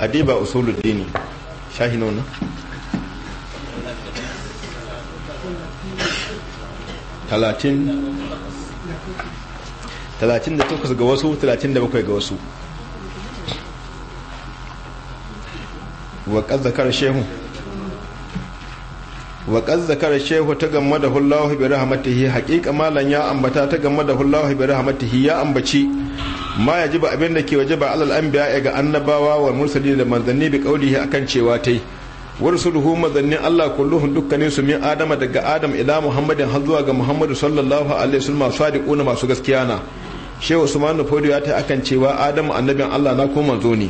adiba usuluddini shahi nuna talatin da takwas ga wasu talatin da bakwai ga wasu waƙar zakar shehu waƙar zakar shehu ta gama da hullahu bi hamatihi haƙiƙa malan ya ambata ta gama da hullahu bi rahmatihi ya ambaci ma ya jiba abin da ke waje ba alal anbiya ga annabawa wa mursali da manzanni bi qaulihi akan cewa tai wa rusuluhu mazanni Allah kulluhun dukkanin su min adama daga adam ila muhammadin har zuwa ga muhammadu sallallahu alaihi wasallam sadiquna masu gaskiya na shehu usman fodi ya ta akan cewa adam annabin Allah na ko manzo ne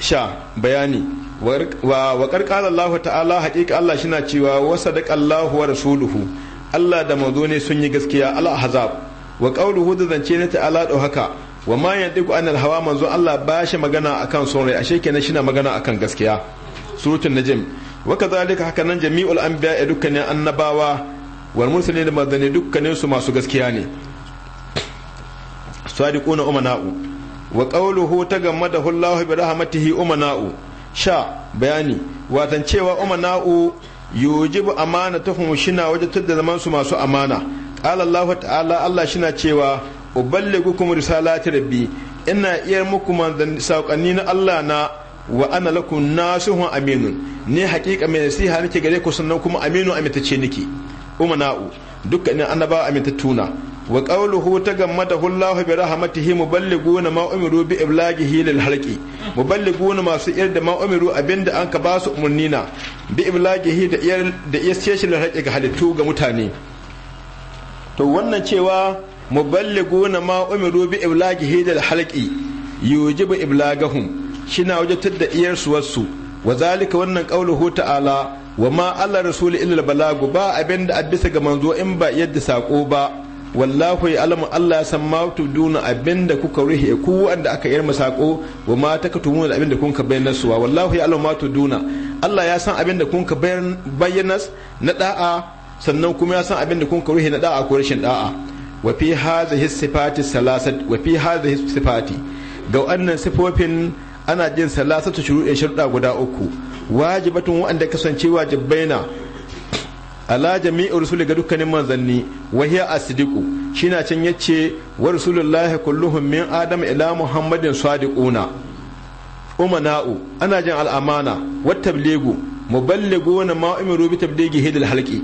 sha bayani wa wa qarqala Allah ta'ala haqiqa Allah shi na cewa wa sadaqa Allah wa rasuluhu Allah da manzo ne sun yi gaskiya al-ahzab wa qawluhu da zance na ta'ala do haka wa ma yantiqu anil hawa manzo Allah ba shi magana akan son rai ashe kenan shi na magana akan gaskiya surutun najm wa kadhalika haka nan jami'ul anbiya dukkanin annabawa wal mursalin da manzanni dukkanin su masu gaskiya ne sadiquna umana'u wa qawluhu tagammadahu Allahu bi rahmatihi umana'u sha bayani watan cewa umana'u yujibu amana tuhum shina wajatar da zaman su masu amana qala allah ta'ala allah shina cewa uballigukum risalati rabbi ina iya muku manzan saƙonni na allah na wa ana lakum nasihun aminun ne haƙiƙa mai nasiha nake gare ku sannan kuma aminu amintacce nake umana'u dukkanin aminta tuna wa qawluhu tagammatahu Allahu bi rahmatihi muballighuna ma umiru bi iblaghihi lil halqi na masu iyar da ma abinda an ka basu umurnina bi iblaghihi da da iya ce shi lil ga halittu ga mutane to wannan cewa muballiguna ma umiru bi iblagi hidal halqi yujibu iblagahum shina wajatar da iyar su wasu wa zalika wannan qauluhu ta'ala wa ma alla rasul illa balagu ba abinda abisa ga manzo in ba yadda sako ba wallahu ya'lamu Allah san duna tubduna abinda kuka ruhe ku wanda aka yar sako wa ma takatumuna abinda kun ka bayyana suwa wallahu ya'lamu ma duna Allah ya san abinda kun ka bayyana na da'a sannan kuma ya san abin da kun karuhi na da'a ko rashin da'a wa fi hadhihi sifati salasat wa fi hadhihi sifati ga wannan sifofin ana jin salasatu shuru'in sharuɗa guda uku wajibatun wanda kasance wajibaina ala jami'ur rusuli ga dukkanin manzanni wa hiya asdiqu shina can yace wa rasulullahi kulluhum min adam ila muhammadin sadiquna umana'u ana jin al'amana wa tabligu muballiguna ma umiru bi tabligi hidal halqi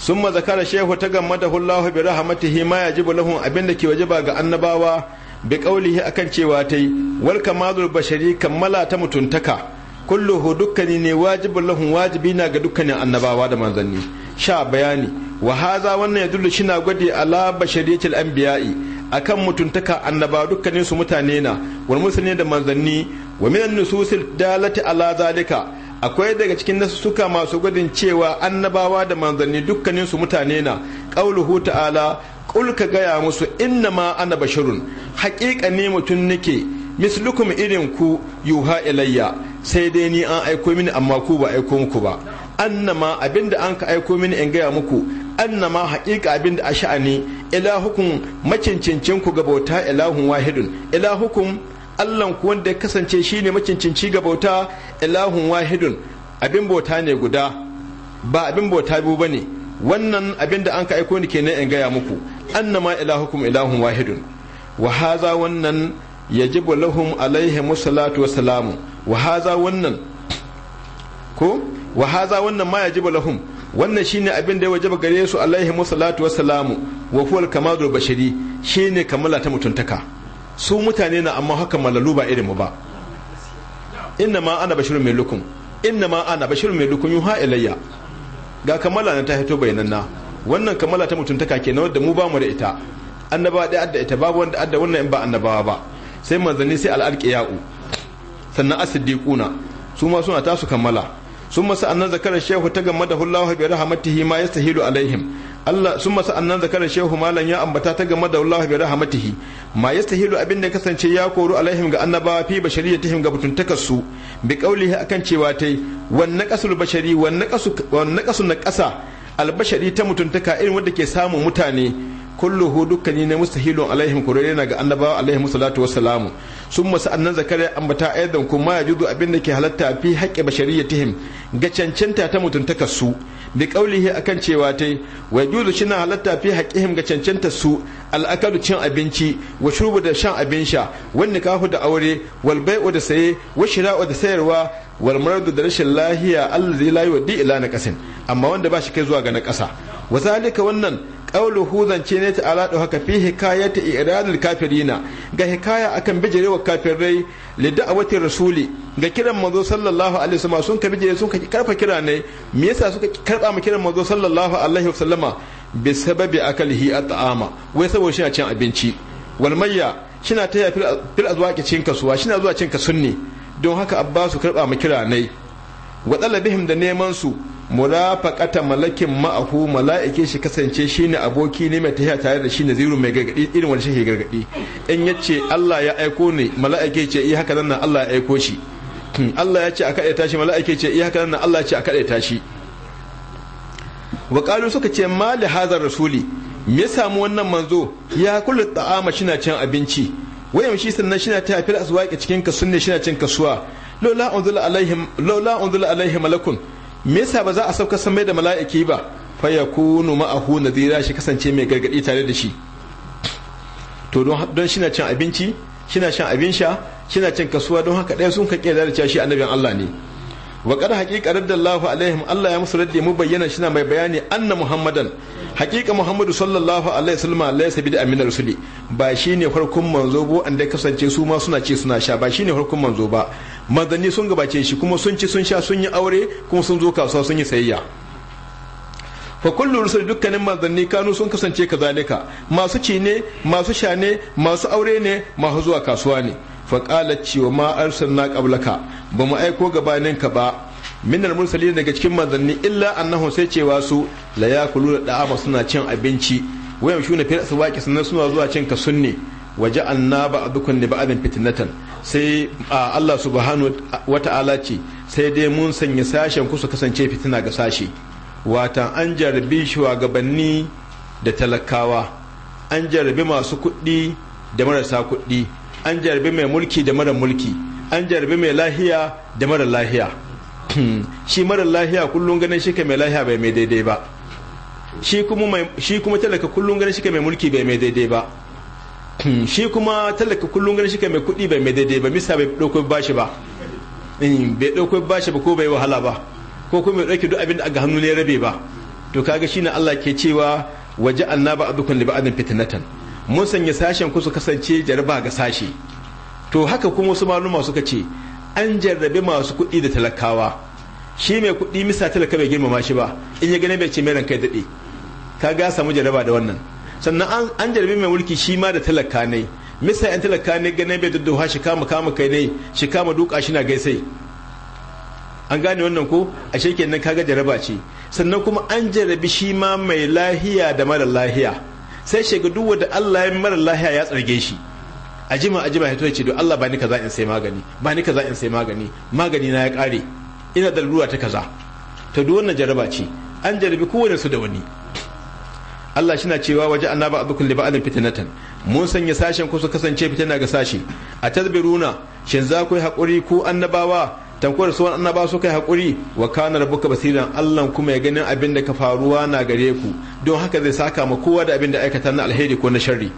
sun mazakara shehu ta gammada hullahu bi rahmatihi ma yajibu lahum abinda ke wajiba ga annabawa bi qawlihi akan cewa tai wal kamalul bashari kammala ta mutuntaka kulluhu dukkani ne wajibul lahum wajibina ga dukkanin annabawa da manzanni sha bayani wa haza wannan yadullu shina gwadi ala bashariyatil anbiya'i akan mutuntaka annaba dukkanin su mutane na wal musulmi da manzanni wa minan nususil dalati ala zalika akwai daga cikin nasu suka masu gudun cewa annabawa da manzanni dukkanin su mutane na qauluhu ta'ala qul ka gaya musu inna ma ana basharun haƙiƙa ne mutum nake mislukum irin ku yuha ilayya sai dai ni an aiko mini amma ku ba aiko muku ba annama abinda an ka aiko mini in gaya muku annama haƙiƙa abinda a sha'ani ilahukum macincincin ku ga bauta ilahun wahidun ilahukum allan ku wanda ya kasance shi ne macincinci ga bauta ilahun wahidun abin bauta ne guda ba abin bauta biyu bane wannan abin da an ka aiko ni kenan in gaya muku annama ilahukum ilahun wahidun wa haza wannan yajibu lahum alaihi musallatu wassalamu wa haza wannan ko wa haza wannan ma yajibu lahum wannan shine abin da ya wajaba gare su alaihi musallatu wassalamu wa huwa al-kamalul bashari shine kamala ta mutuntaka su mutane na amma haka malalu ba irinmu ba inna ma ana bashirun mai lukun inna ma ana bashirun mai lukun yuha ilayya ga kamala na ta hito bayananna wannan kamala ta mutuntaka na wadda mu ba mu da ita annaba da adda ita babu wanda adda wannan in ba annabawa ba sai manzanni sai ya'u sannan as-siddiquna su ma suna tasu kammala sun masu annan zakarar shehu ta game da hullahu bi rahmatihi ma yastahilu alaihim Allah sun masa annan zakara shehu malam ya ambata ta game da Allah bi rahmatihi ma yastahilu abin da kasance ya koru alaihim ga annabawa fi bashariyatihim ga butuntakar su bi qaulihi akan cewa tai wan naqasul bashari wan naqasu wan naqasu naqasa albashari ta mutuntaka irin wanda ke samun mutane kulluhu dukkani ne mustahilun alaihim kurere na ga annabawa alaihi salatu wassalamu sun masu annan zakariya ambata aidan kuma ya yajudu abinda ke halatta fi haqqi bashariyatihim ga cancanta ta mutuntaka su bi qaulihi akan cewa tai wa juzu shina halatta fi haqqihim ga cancanta su al'akalu cin abinci wa shurbu da shan abin sha wani nikahu da aure wal bai'u da saye wa shira'u da sayarwa wal maradu da rashin lahiya allazi la yudi ila na kasin amma wanda ba shi kai zuwa ga na kasa wa zalika wannan qawlu hudan ce ne ta'ala da haka fi ta iradil kafirina ga hikaya akan bijirewa kafirai a watan rasuli ga kiran mazo sallallahu alaihi wasallam sun ka bijire sun ka karfa kira ne me yasa suka karba mu kiran mazo sallallahu alaihi wasallama bi sababi akalihi at'ama wai saboda shi a cin abinci wal mayya shina taya fil azwaqi cin kasuwa shina zuwa cin kasunni don haka abbasu karba mu kira ne wa talabihim da neman su murafaqata malakin ma'ahu mala'ike shi kasance shine aboki ne mai tahiya tare da shi naziru mai gargadi irin wani shi ke gargadi in yace Allah ya aiko ni mala'ike ce eh haka nan Allah ya aiko shi hmm, Allah ya ce aka ɗaya tashi mala'ike ce eh haka nan Allah ya ce aka ɗaya tashi wa suka ce ma da hazar rasuli me ya samu wannan manzo ya kullu ta'ama na cin abinci wayan shi sannan shina ta fil aswaqi cikin shi na cin kasuwa lola unzila alaihim laula unzila alaihim malakun me yasa ba za a sauka san mai da mala'iki ba fa yakunu ma'ahu nadira shi kasance mai gargadi tare da shi to don shi na cin abinci shi na shan abin sha shi na cin kasuwa don haka ɗaya sun ka kira da shi annabin Allah ne wa qad haqiqa radallahu alaihim Allah ya musu radde mu bayyana shi na mai bayani anna muhammadan haqiqa muhammadu sallallahu alaihi wasallam laysa bid'a amina rusuli ba shi ne farkon manzo bo an da kasance su ma suna ce suna sha ba shi ne farkon manzo ba manzanni sun gabace shi kuma sun ci sun sha sun yi aure kuma sun zo kasuwa sun yi sayayya fa kullu rusul dukkanin manzanni kanu sun kasance kazalika masu ci ne masu sha ne masu aure ne masu zuwa kasuwa ne fa qala cewa ma arsalna qablaka ba mu aiko ninka ba min al mursalin daga cikin manzanni illa annahu sai cewa su la yakulu da'ama suna cin abinci wayan shuna fil suna zuwa cin sunne waje anna ba abukun ne ba abin fitnatan sai Allah subhanahu wa ta'ala ce sai dai mun sanya sashen kusa kasance fitina ga sashe watan an jarbi shugabanni da talakawa an jarbi masu kuɗi da marasa kuɗi an jarbi mai mulki da mara mulki an jarbi mai lahiya da mara lahiya shi mara lahiya kullum ganin shi ka mai lahiya bai mai daidai ba shi kuma talaka kullum ganin shi ka mai mulki bai mai daidai ba Hmm, shi kuma talaka kullum gani shi kai mai kuɗi bai mai daidai ba misa bai ɗauko bashi ba hmm, bai ɗauko bashi ba ko bai wahala ba ko kuma bai ɗauki duk abin da aga hannu ne rabe ba to kaga shine Allah ke cewa waje ba adukun li ba'adin fitnatan mun sanya sashen ku su kasance jarba ga sashi to haka kuma wasu maluma suka ce an jarrabe masu kuɗi da talakawa shi mai kuɗi misa talaka bai girmama shi ba in ya gane bai ce mai ranka ya daɗe ka samu jarraba da wannan sannan an jarbi mai mulki shi ma da talaka ne misa yan talaka ne ganin bai daddawa shi kama kama kai ne shi kama duka shi na gaisai an gane wannan ko shekin nan kaga jaraba ce sannan kuma an jarabi shi ma mai lahiya da mara lahiya sai shiga duk wanda Allah ya mara lahiya ya tsarge shi ajima ajima ya ce do Allah ba ni kaza in sai magani ba ni kaza in sai magani magani na ya kare ina da lura ta kaza to duk wannan jaraba ce an jarabi kowane su da wani Allah shi na cewa waje annaba abu li ba'adin fitnatan mun sanya sashen ku su kasance fitina ga sashi a tadbiruna shin za ku yi hakuri ku annabawa tankwar suwan annaba su kai hakuri wa kana rabbuka basiran Allah kuma ya ganin abin da ka faruwa na gare ku don haka zai saka ma kowa da abin da aikata na alheri ko na sharri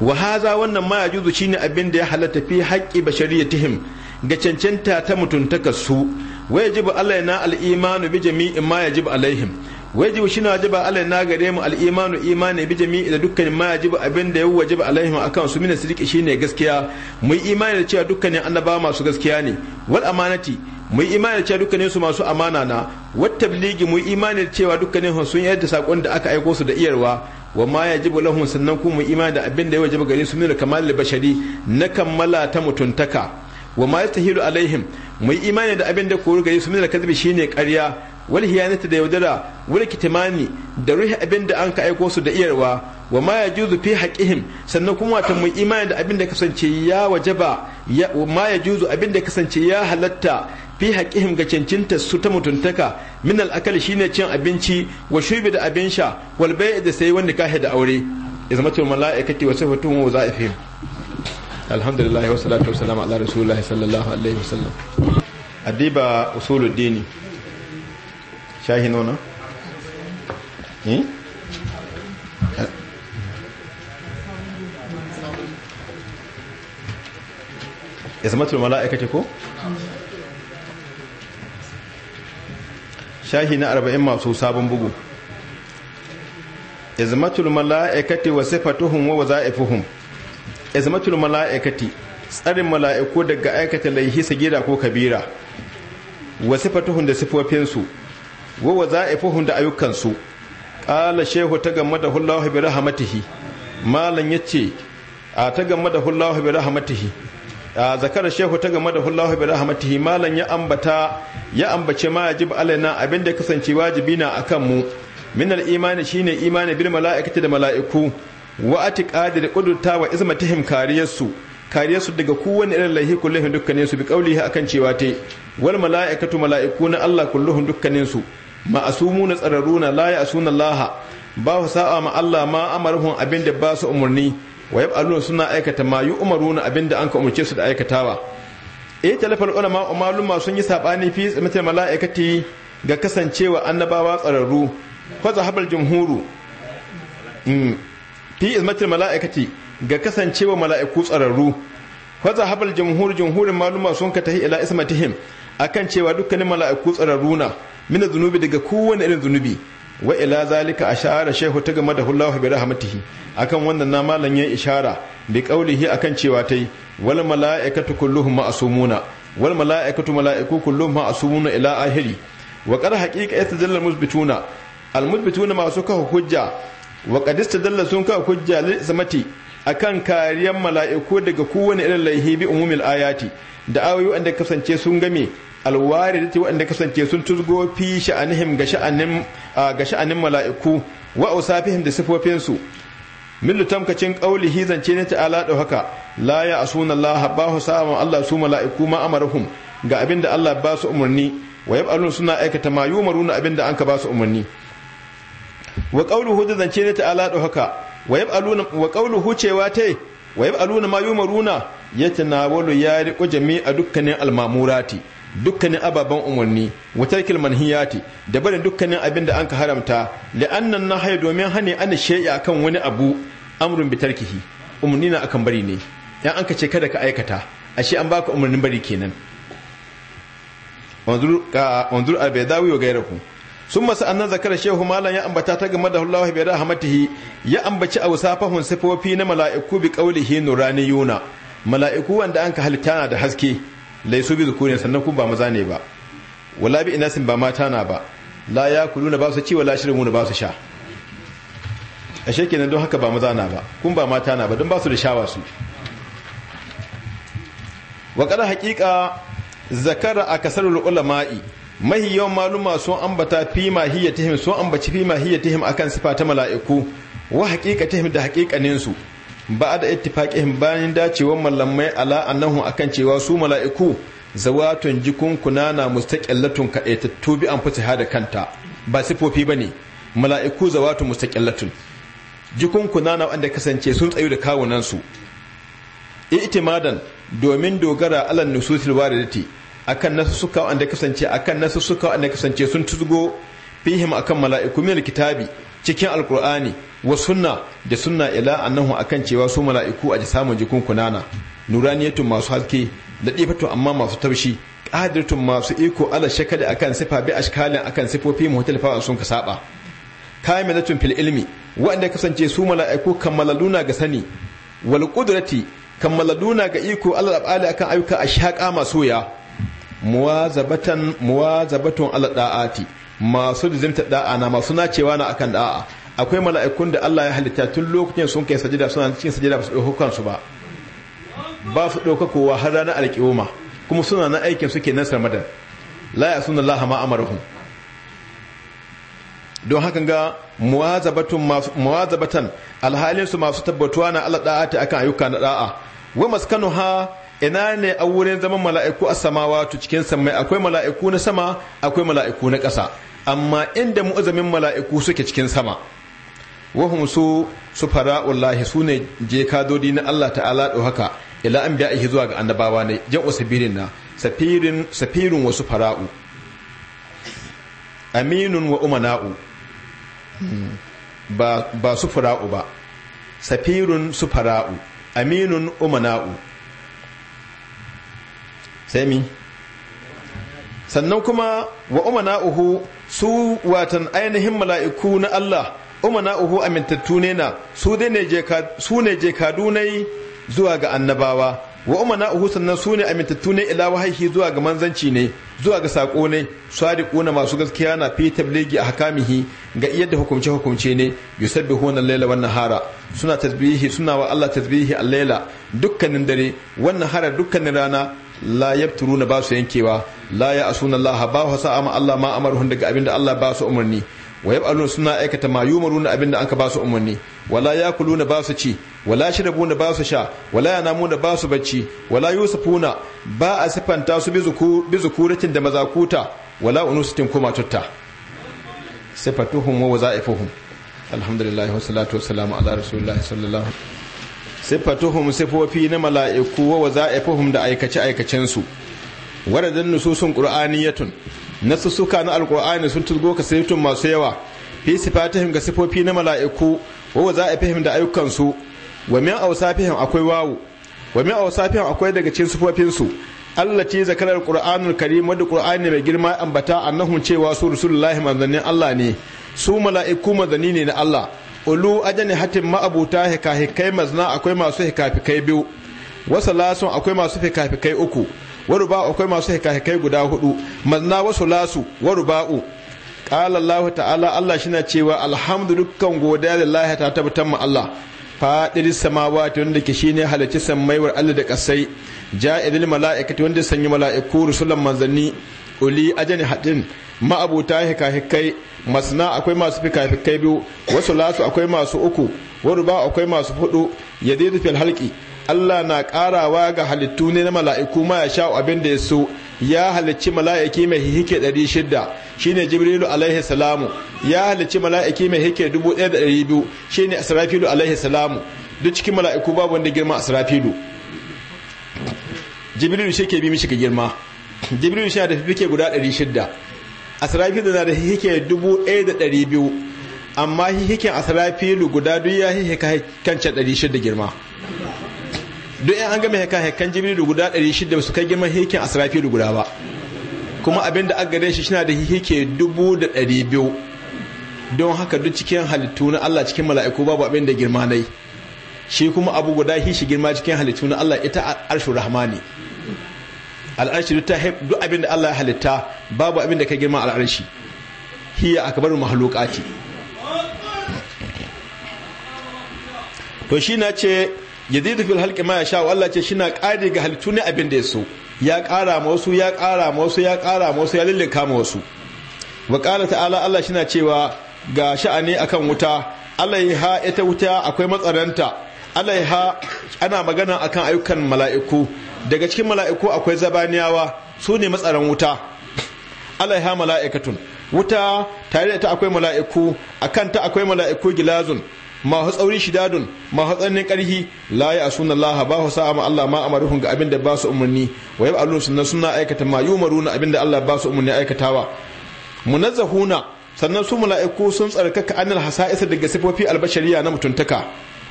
wa haza wannan ma yajuzu shine abin da ya halatta fi ta bashariyatihim ga cancanta ta mutuntaka su wajibu Allah na al-imanu bi jami'in ma yajibu alaihim wajibu shi na wajiba alai na gare mu al'imanu imani bi jami'i da dukkanin ma yajibu abin da yau wajiba alaihim akan su mina sidiki shine gaskiya mu imani da cewa dukkanin annabawa masu gaskiya ne wal amanati mu imani da cewa dukkanin su masu amana na wat tabligi mu imani da cewa dukkanin sun yarda sakon da aka aiko su da iyarwa wa ma yajibu lahum sannan ku mu imani da abin da yau wajiba gare su mina kamal bashari na kammala ta mutuntaka wa ma yastahilu alaihim mu imani da abin da ko gare su mina kadhibi shine ƙarya wal hiyanata da yaudara wal kitimani da ruhi abin da an ka aiko su da iyarwa wa ma yajuzu fi haqqihim sannan kuma wata mu imani da abin da kasance ya wajaba ya ma yajuzu abin da kasance ya halatta fi haqqihim ga cancinta su ta mutuntaka min al akal shine cin abinci wa shubi da abin sha wal bai'i da sai wanda ka da aure izmatul malaikati wa sifatuhum wa za'ifihim alhamdulillah wa salatu wa salam ala rasulillah sallallahu alaihi wasallam adiba usuluddin shahi nuna? ya eh? zama turmala aikace ko? shahi na arba'in masu sabon bugu izmatul mala'ikati wa sifatuhum wa waza'ifuhum izmatul mala'ikati tsarin mala'iku daga aikata laihi sagira ko kabira wa sifatuhum da su wa wa za'ifuhum da ayyukansu qala shehu ta gamma da hullahu bi rahmatihi malan yace a ta gamma da hullahu bi rahmatihi a zakara shehu ta gamma da hullahu bi rahmatihi malan ya ambata ya ambace ma yajib alaina abinda ya kasance wajibi na akan mu min al-imani shine imani bil mala'ikati da mala'iku wa atiqadi da qudurta wa izmatihim kariyarsu kariya su daga kowane irin laihi kullum dukkanin su bi kaulihi akan cewa ta wal mala'ikatu mala'iku na Allah kulluhum dukkanin su na tsararuna la ya'suna Allah ba su sa'a ma Allah ma amaruhum abinda ba su umurni wa yab'aluna suna aikata ma yu'maruna abinda an ka umurce su da aikatawa eh talafal ulama umaruma sun yi sabani fi tsamata mala'ikati ga kasancewa annabawa tsararru fa zahabal jumhuru hmm. fi tsamata mala'ikati ga kasancewa mala'iku tsararru faza habal jamhur jamhurin maluma sun ka tahi ila ismatihim akan cewa dukkanin mala'iku tsararru na mina zunubi daga kowane irin zunubi wa ila zalika ashara shehu ta game da hullahu bi rahmatihi akan wannan na malan ya ishara bi qaulihi akan cewa tai wal malaikatu kulluhum ma'sumuna wal malaikatu malaiku kulluhum ma'sumuna ila ahiri wa qad haqiqa yatadalla musbituna al musbituna masu ka hujja wa qad istadalla sun ka hujja li samati akan kariyar mala'iku daga kowane irin laihi bi umumil ayati da ayoyi wanda kasance sun game alwaridati wanda kasance sun tuzgo fi sha'anihim ga sha'anin mala'iku wa usafihim da sifofin su millu tamkacin zance ne ta'ala da haka la ya asuna Allah bahu sa'ama Allah su mala'iku ma amarhum ga abinda Allah ba su umarni wa yab'alun suna aikata ma da an ka ba su umarni wa qawluhu zance ne ta'ala da haka wa Aluna wa qawluhu cewa tai wa Aluna ma yumaruna yatanawalu ya riqu a dukkanin almamurati dukkanin ababen umarni wa tarkil manhiyati da barin dukkanin abin da ka haramta na haya domin hane ana shay'a akan wani abu amrun bi tarkihi umarni na akan bari ne yan anka ce kada ka aikata ashe an baka umarnin bari kenan wanzur ka wanzur albaydawi wa gairaku. sun masu annan zakar shehu malam ya ambata ta game da Allah bai hamatihi ya ambaci a wasafahun sifofi na mala'iku bi qaulihi yuna. mala'iku wanda an ka halitta na da haske laisu bi zukuri sannan ku ba maza ne ba wala bi inasin ba mata na ba la ya kuluna ba su ci wala shirmu ba su sha ashe kenan don haka ba maza na ba kun ba mata na ba don ba su da shawa su wa kada haƙiƙa zakara akasarul ulama'i mahi yawan maluma sun ambata fi mahiyyatihim sun ambaci fi mahiyyatihim akan sifa ta mala'iku wa haqiqatihim da haqiqanin su ba da ittifaqihim bayan dacewar mallamai ala annahu akan cewa su mala'iku zawatun jikun kunana mustaqillatun kadaitattu bi anfusiha da kanta ba sifofi ne mala'iku zawatun mustaqillatun jikun kunana wanda kasance sun tsayu da kawunan su i'timadan domin dogara alan nususil waridati akan nasu suka wanda kasance akan nasu suka wanda kasance sun tuzgo fihim akan mala'iku min kitabi cikin alqur'ani wa sunna da sunna ila annahu akan cewa su mala'iku a samun jikun kunana nuraniyatun masu haske difatu amma masu taushi qadiratun masu iko ala shakali akan sifa bi ashkalin akan sifofi muhtalifa sun ka saba kamilatun fil ilmi wanda kasance su mala'iku kammalaluna ga sani wal qudrati kammalaluna ga iko ala al'ali akan ayyuka ashaka masoya muwazabatan muwazabatun ala da'ati masu dizimta da'a na masu nacewa na akan da'a akwai mala'ikun da Allah ya halitta tun lokacin sun kai sajida suna cikin sajida ba su ɗauka kansu ba ba su ɗauka kowa har ranar alƙiyoma kuma suna na aikin suke nan madar la ya suna laha ma amarahum don hakan ga muwazabatan alhalin su masu tabbatuwa na Allah da'ati akan ayyuka na da'a wa maskanu ha ina ne a wurin zaman mala'iku a tu cikin samai akwai mala'iku na sama akwai mala'iku na ƙasa amma inda mu'azamin mala'iku suke cikin sama wahum su su fara'ullahi su ne je kadodi na Allah ta'ala ɗo haka ila an biya ihi zuwa ga annabawa ne jan sabirin na safirin safirin wasu fara'u aminun wa umana'u hmm. ba su fara'u ba safirun su fara'u aminun umana'u sami sannan kuma wa uhu su watan ainihin mala'iku na Allah uhu amintattu ne na su ne je kadunai zuwa ga annabawa wa uhu sannan su ne amintattu ne ila wahaihi zuwa ga manzanci ne zuwa ga sako ne ƙuna masu gaskiya na fi a hakamihi ga yadda hukumce hukumce ne yusabbihuna al-laila wan nahara suna tasbihi suna wa Allah tasbihi a laila dukkanin dare wan nahara dukkanin rana la yabturuna ba su yankewa la ya asuna Allah ba wa sa'a ma Allah ma amaruhun daga abinda Allah ba su umarni wa yab'aluna suna aikata ma yumaruna abinda anka ba su umarni wala yakuluna ba su ci wala shirabuna ba su sha wala yanamuna ba su bacci wala yusufuna ba a sifanta su bi zukuratin da mazakuta wala unusitin kuma tutta sifatuhum wa waza'ifuhum alhamdulillah wa salatu wa salamu ala rasulillah sallallahu alaihi sifatuhum sifofi na mala'iku wa waza'ifuhum da aikace su waradan nususun qur'aniyatun suka na alqur'ani sun tuzgo ka saytun masu yawa fi sifatihim ga sifofi na mala'iku wa wazaifihim da su wa min awsafihim akwai wawu wa min awsafihim akwai daga cikin sifofin su Allah ce zakarar qur'anul karim wa qur'ani mai girma ambata annahum cewa su rasulullahi manzannin Allah ne su mala'iku manzanni ne na Allah ulu ajani hatin ma'abuta hikahikai mazna akwai masu hikafikai biyu wasu lasun akwai masu hikafikai uku waruba akwai masu hikahikai guda hudu mazna wasu lasu waruba'u ƙala Allah ta'ala Allah na cewa alhamdu dukkan godiya lillahi ta tabbatar ma Allah samawa ta wanda ke halarci halacci sammaiwar Allah da kasai ja'ilil mala'ikati wanda sanyi mala'iku rusulan manzanni uli ajani hadin ma'abuta hikahikai masna akwai masu kai-kai biyu wasu lasu akwai masu uku ba akwai masu hudu yadidu fil halki. Allah na karawa ga halittu ne na mala'iku ma ya sha abin da ya so ya halicci mala'iki mai hike 600 shine jibrilu alaihi salamu ya halicci mala'iki mai hike 1200 shine asrafilu alaihi salamu duk cikin mala'iku babu wanda girma asrafilu jibrilu shi ke bi mishi ga girma jibril shi da fike guda 600 asrafil na da hike 1200 amma fifiken asrafil guda duk ya fifika kancan 600 girma duk yan an gama kai kan jibril guda 600 ba su kai girman fifiken asrafil guda ba kuma abin da agare shi shi da hike 1200 don haka duk cikin halittu na Allah cikin mala'iku babu abin da girma nai shi kuma abu guda shi girma cikin halittu na Allah ita arshu rahmani al'arshi duk ta duk abin da Allah ya halitta babu abin da ka girma al'arshi hiya akbarul mahluqati to shi na ce yazidu fil halqi ma yasha Allah ce shi na kare ga halittu ne abin da ya so ya kara ma wasu ya kara ma wasu ya kara ma wasu ya lillinka ma wasu wa qala ta'ala Allah shi na cewa ga sha'ani akan wuta Allah ya ha ita wuta akwai matsaranta alaiha ana magana akan ayyukan mala'iku daga cikin mala'iku akwai zabaniyawa su ne matsaran wuta alaiha mala'ikatun wuta tare da ta akwai mala'iku akan ta akwai mala'iku gilazun masu tsauri shidadun masu tsannin karhi la ya asuna Allah ba su sa'a Allah ma amaruhun ga abin da ba su umarni wa yab alu sunna suna aikata ma yumaruna abin da Allah ba su umarni aikatawa munazzahuna sannan su mala'iku sun tsarkaka anil hasa'isa daga sifofi albashariya na mutuntaka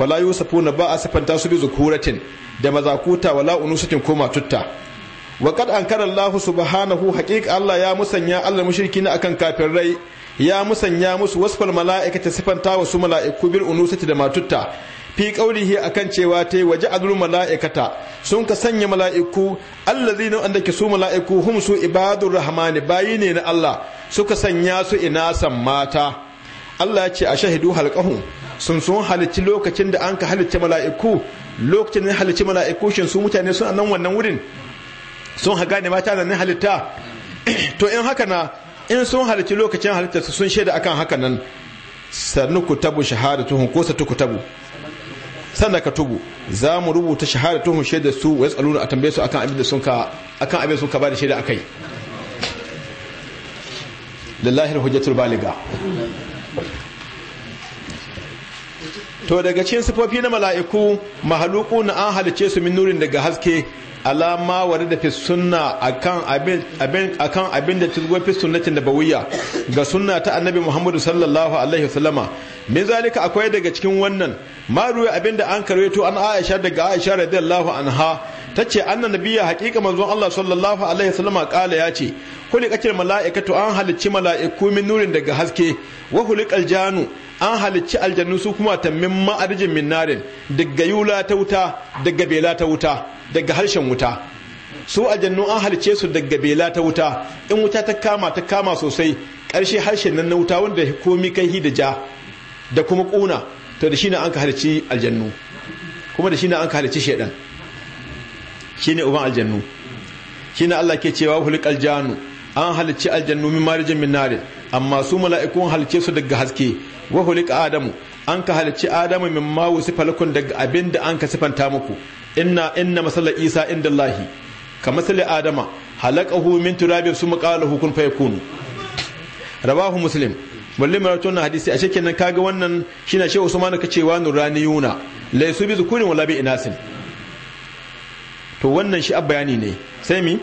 fala na ba a sifanta su bi zukuratin da mazakuta wala unusatin ko matutta wa kad ankara Allah subhanahu haqiqa Allah ya musanya Allah mushrikina akan kafirai ya musanya musu wasfal mala'ikata sifanta wasu mala'iku bil unusati da matutta fi qaulihi akan cewa ta waje adul mala'ikata sun ka sanya mala'iku allazina wanda ke su mala'iku hum su ibadur rahmani bayi ne na Allah suka sanya su ina san mata Allah ya ce a shahidu halqahum sun sun halicci lokacin da an ka halicci mala'iku lokacin da halicci mala'iku shi su mutane sun nan wannan wurin sun haga ne mata nan halitta to in haka na in sun halicci lokacin halitta sun shaida akan haka nan sannu ku tabu tuhun ko sa ku tabu sannan ka tubu za mu rubuta tuhun shaida su wai tsaluna a tambaye su akan abin da sun ka akan abin sun ka ba da shaida akai lillahi alhujjatul baliga to daga cikin sifofi na mala'iku mahaluku na an halice su min nurin daga haske alama wadda da fi sunna kan abin da tilgo fi sunnatin da bawiya ga sunna ta annabi muhammadu sallallahu alaihi wasallama min zalika akwai daga cikin wannan maruwa abin da an to an aisha daga aisha radiyallahu anha ta ce nan nabiya haƙiƙa manzon allah sallallahu alaihi wasallama kala ya ce kuli kakir mala'ikatu an halicci mala'iku min nurin daga haske wa hulikal janu an halicci aljannu su kuma ta min ma'arjin min narin daga yula ta wuta daga bela ta wuta daga harshen wuta su aljannu an halicce su daga bela ta wuta in wuta ta kama ta kama sosai ƙarshe harshen nan na wuta wanda komi kai da ja da kuma ƙuna to da shine an ka halicci aljannu kuma da shine an ka halicci shedan shine uban aljannu shine Allah ke cewa hulqal jannu an halicci aljannu min marijin min narin amma su mala'ikun halce su daga haske wa adamu an ka halci adamu min ma wusifa daga abin da an ka sifanta muku inna inna masala isa inda lahi ka masala adama halaqahu min turabin su qala hukun kun rawahu muslim balle ya tona hadisi a nan kaga wannan shine shehu usman ka cewa Lai laysu bi zukurin wala bi inasin to wannan shi abbayani ne sai mi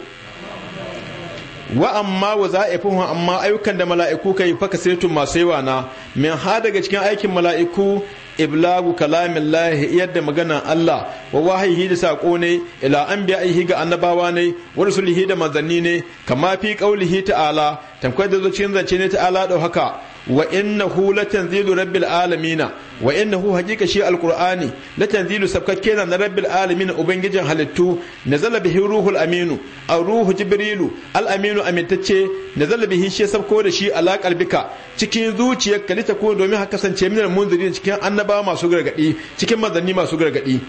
wa amma wa za'ifuhu amma ayyukan da mala'iku kai fa kasirtum masu yawa na min ha daga cikin aikin mala'iku iblagu kalamin lahi yadda magana Allah wa wahayi da saƙo ne ila an biya aihi ga annabawa ne wa rusulihi da manzanni ne kama fi qaulihi ta'ala tamkwai da zuciyin zance ne ta'ala da haka wa innahu latanzilu rabbil alamin wa innahu hakika shi alqur'ani latanzilu sabkake na rabbil alamin ubangijin halittu nazala bihi ruhul aminu aw ruhu jibrilu al aminu amintace nazala bihi shi sabko da shi ala qalbika cikin zuciyarka ko domin haka kasance min munzirin cikin annaba masu gargadi cikin mazanni masu gargadi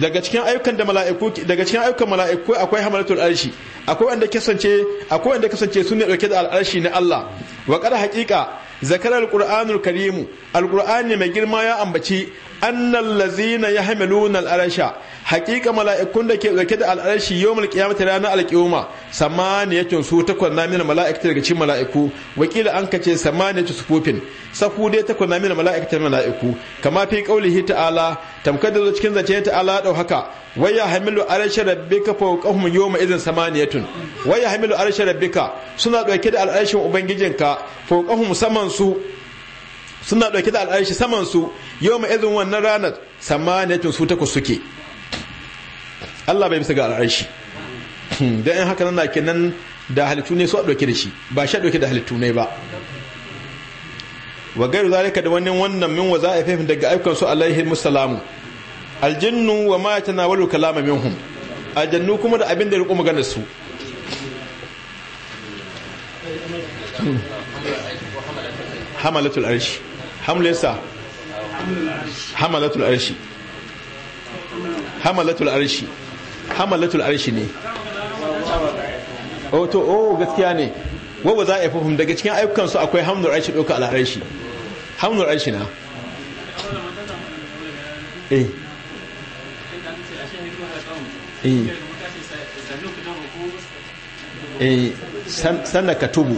daga cikin ayyukan da mala'iku daga cikin ayyukan mala'iku akwai hamalatul arshi akwai wanda kasance akwai wanda kasance sunne dauke da al'arshi na Allah wa qad haqiqa zakar alqur'anul karimu alqur'ani mai girma ya ambaci annal lazina yahmiluna al'arasha haqiqa mala'ikun da ke dauke da al'arshi yawmul qiyamati ranar alqiyama samaniyatun su takwan na min mala'ikata daga cikin mala'iku wakila an kace samaniyatu sufufin safu dai takwan na min mala'ikata mala'iku kama fi qaulihi ta'ala tamkar da cikin zace ta'ala dau haka waya hamilu arsha rabbika fawqahum yawma idhin samaniyatun waya hamilu arsha rabbika suna dauke da al'arshin ubangijinka fawqahum saman su suna ɗauke da al'arshi saman su yau mai izin wannan ranar samaniyatun su takwas suke Allah bai bisa ga al'arshi hmm, don in haka nan nan da halittu ne su a ɗauke da shi ba shi a ɗauke da halittu ne ba wa gairu zalika da wani wannan min wa fahimta daga aikon su alaihi musalamu aljinnu wa ma yatanawalu kalama hun. aljannu kuma da abin da ya riko magana su hmm. hamalatul arshi hamlinsa hamalatul arshi hamalatul arshi hamalatul arshi ne o oh, to o oh, gaskiya ne wawa za a fahim daga cikin ayyukansu akwai hamdul arshi ɗauka al'arshi hamdul arshi na eh eh, eh. sannan ka tubu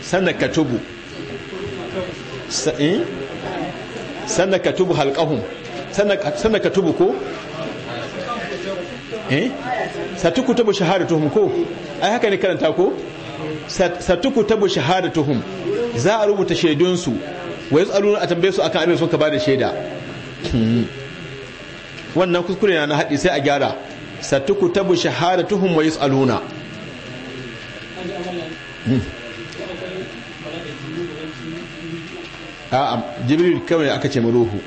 sannan ka tubu Eh? sannan ka tubu halƙahun sannan ka tubu ko eh tubu shahada shahadatuhum ko ai haka ne karanta ko satuku shahada shahadatuhum za a rubuta wai su wa a tambaye su akan abin sun ka ba da shaida hmm. wannan kuskure na haɗi sai a gyara satuku tabu wai wa yasaluna hmm. a'a jibril kawai aka ce ruhu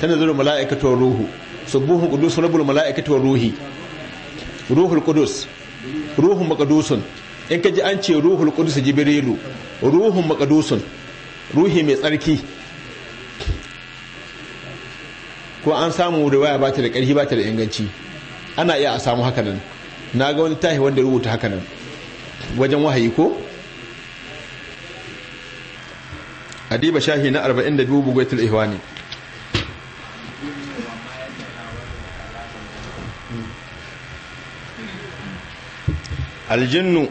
tanazzalu mala'ikatu wa ruhu subuhu qudus rabbul mala'ikatu wa ruhi ruhul qudus ruhun maqdusun in ka ji an ce ruhul qudus jibrilu ruhun maqdusun ruhi mai tsarki ko an samu riwaya ba ta da ƙarfi ba ta da inganci ana iya a samu hakanan na ga wani tahi wanda rubuta hakanan wajen wahayi ko adiba shahi na 42 bugaitul ihwani aljannu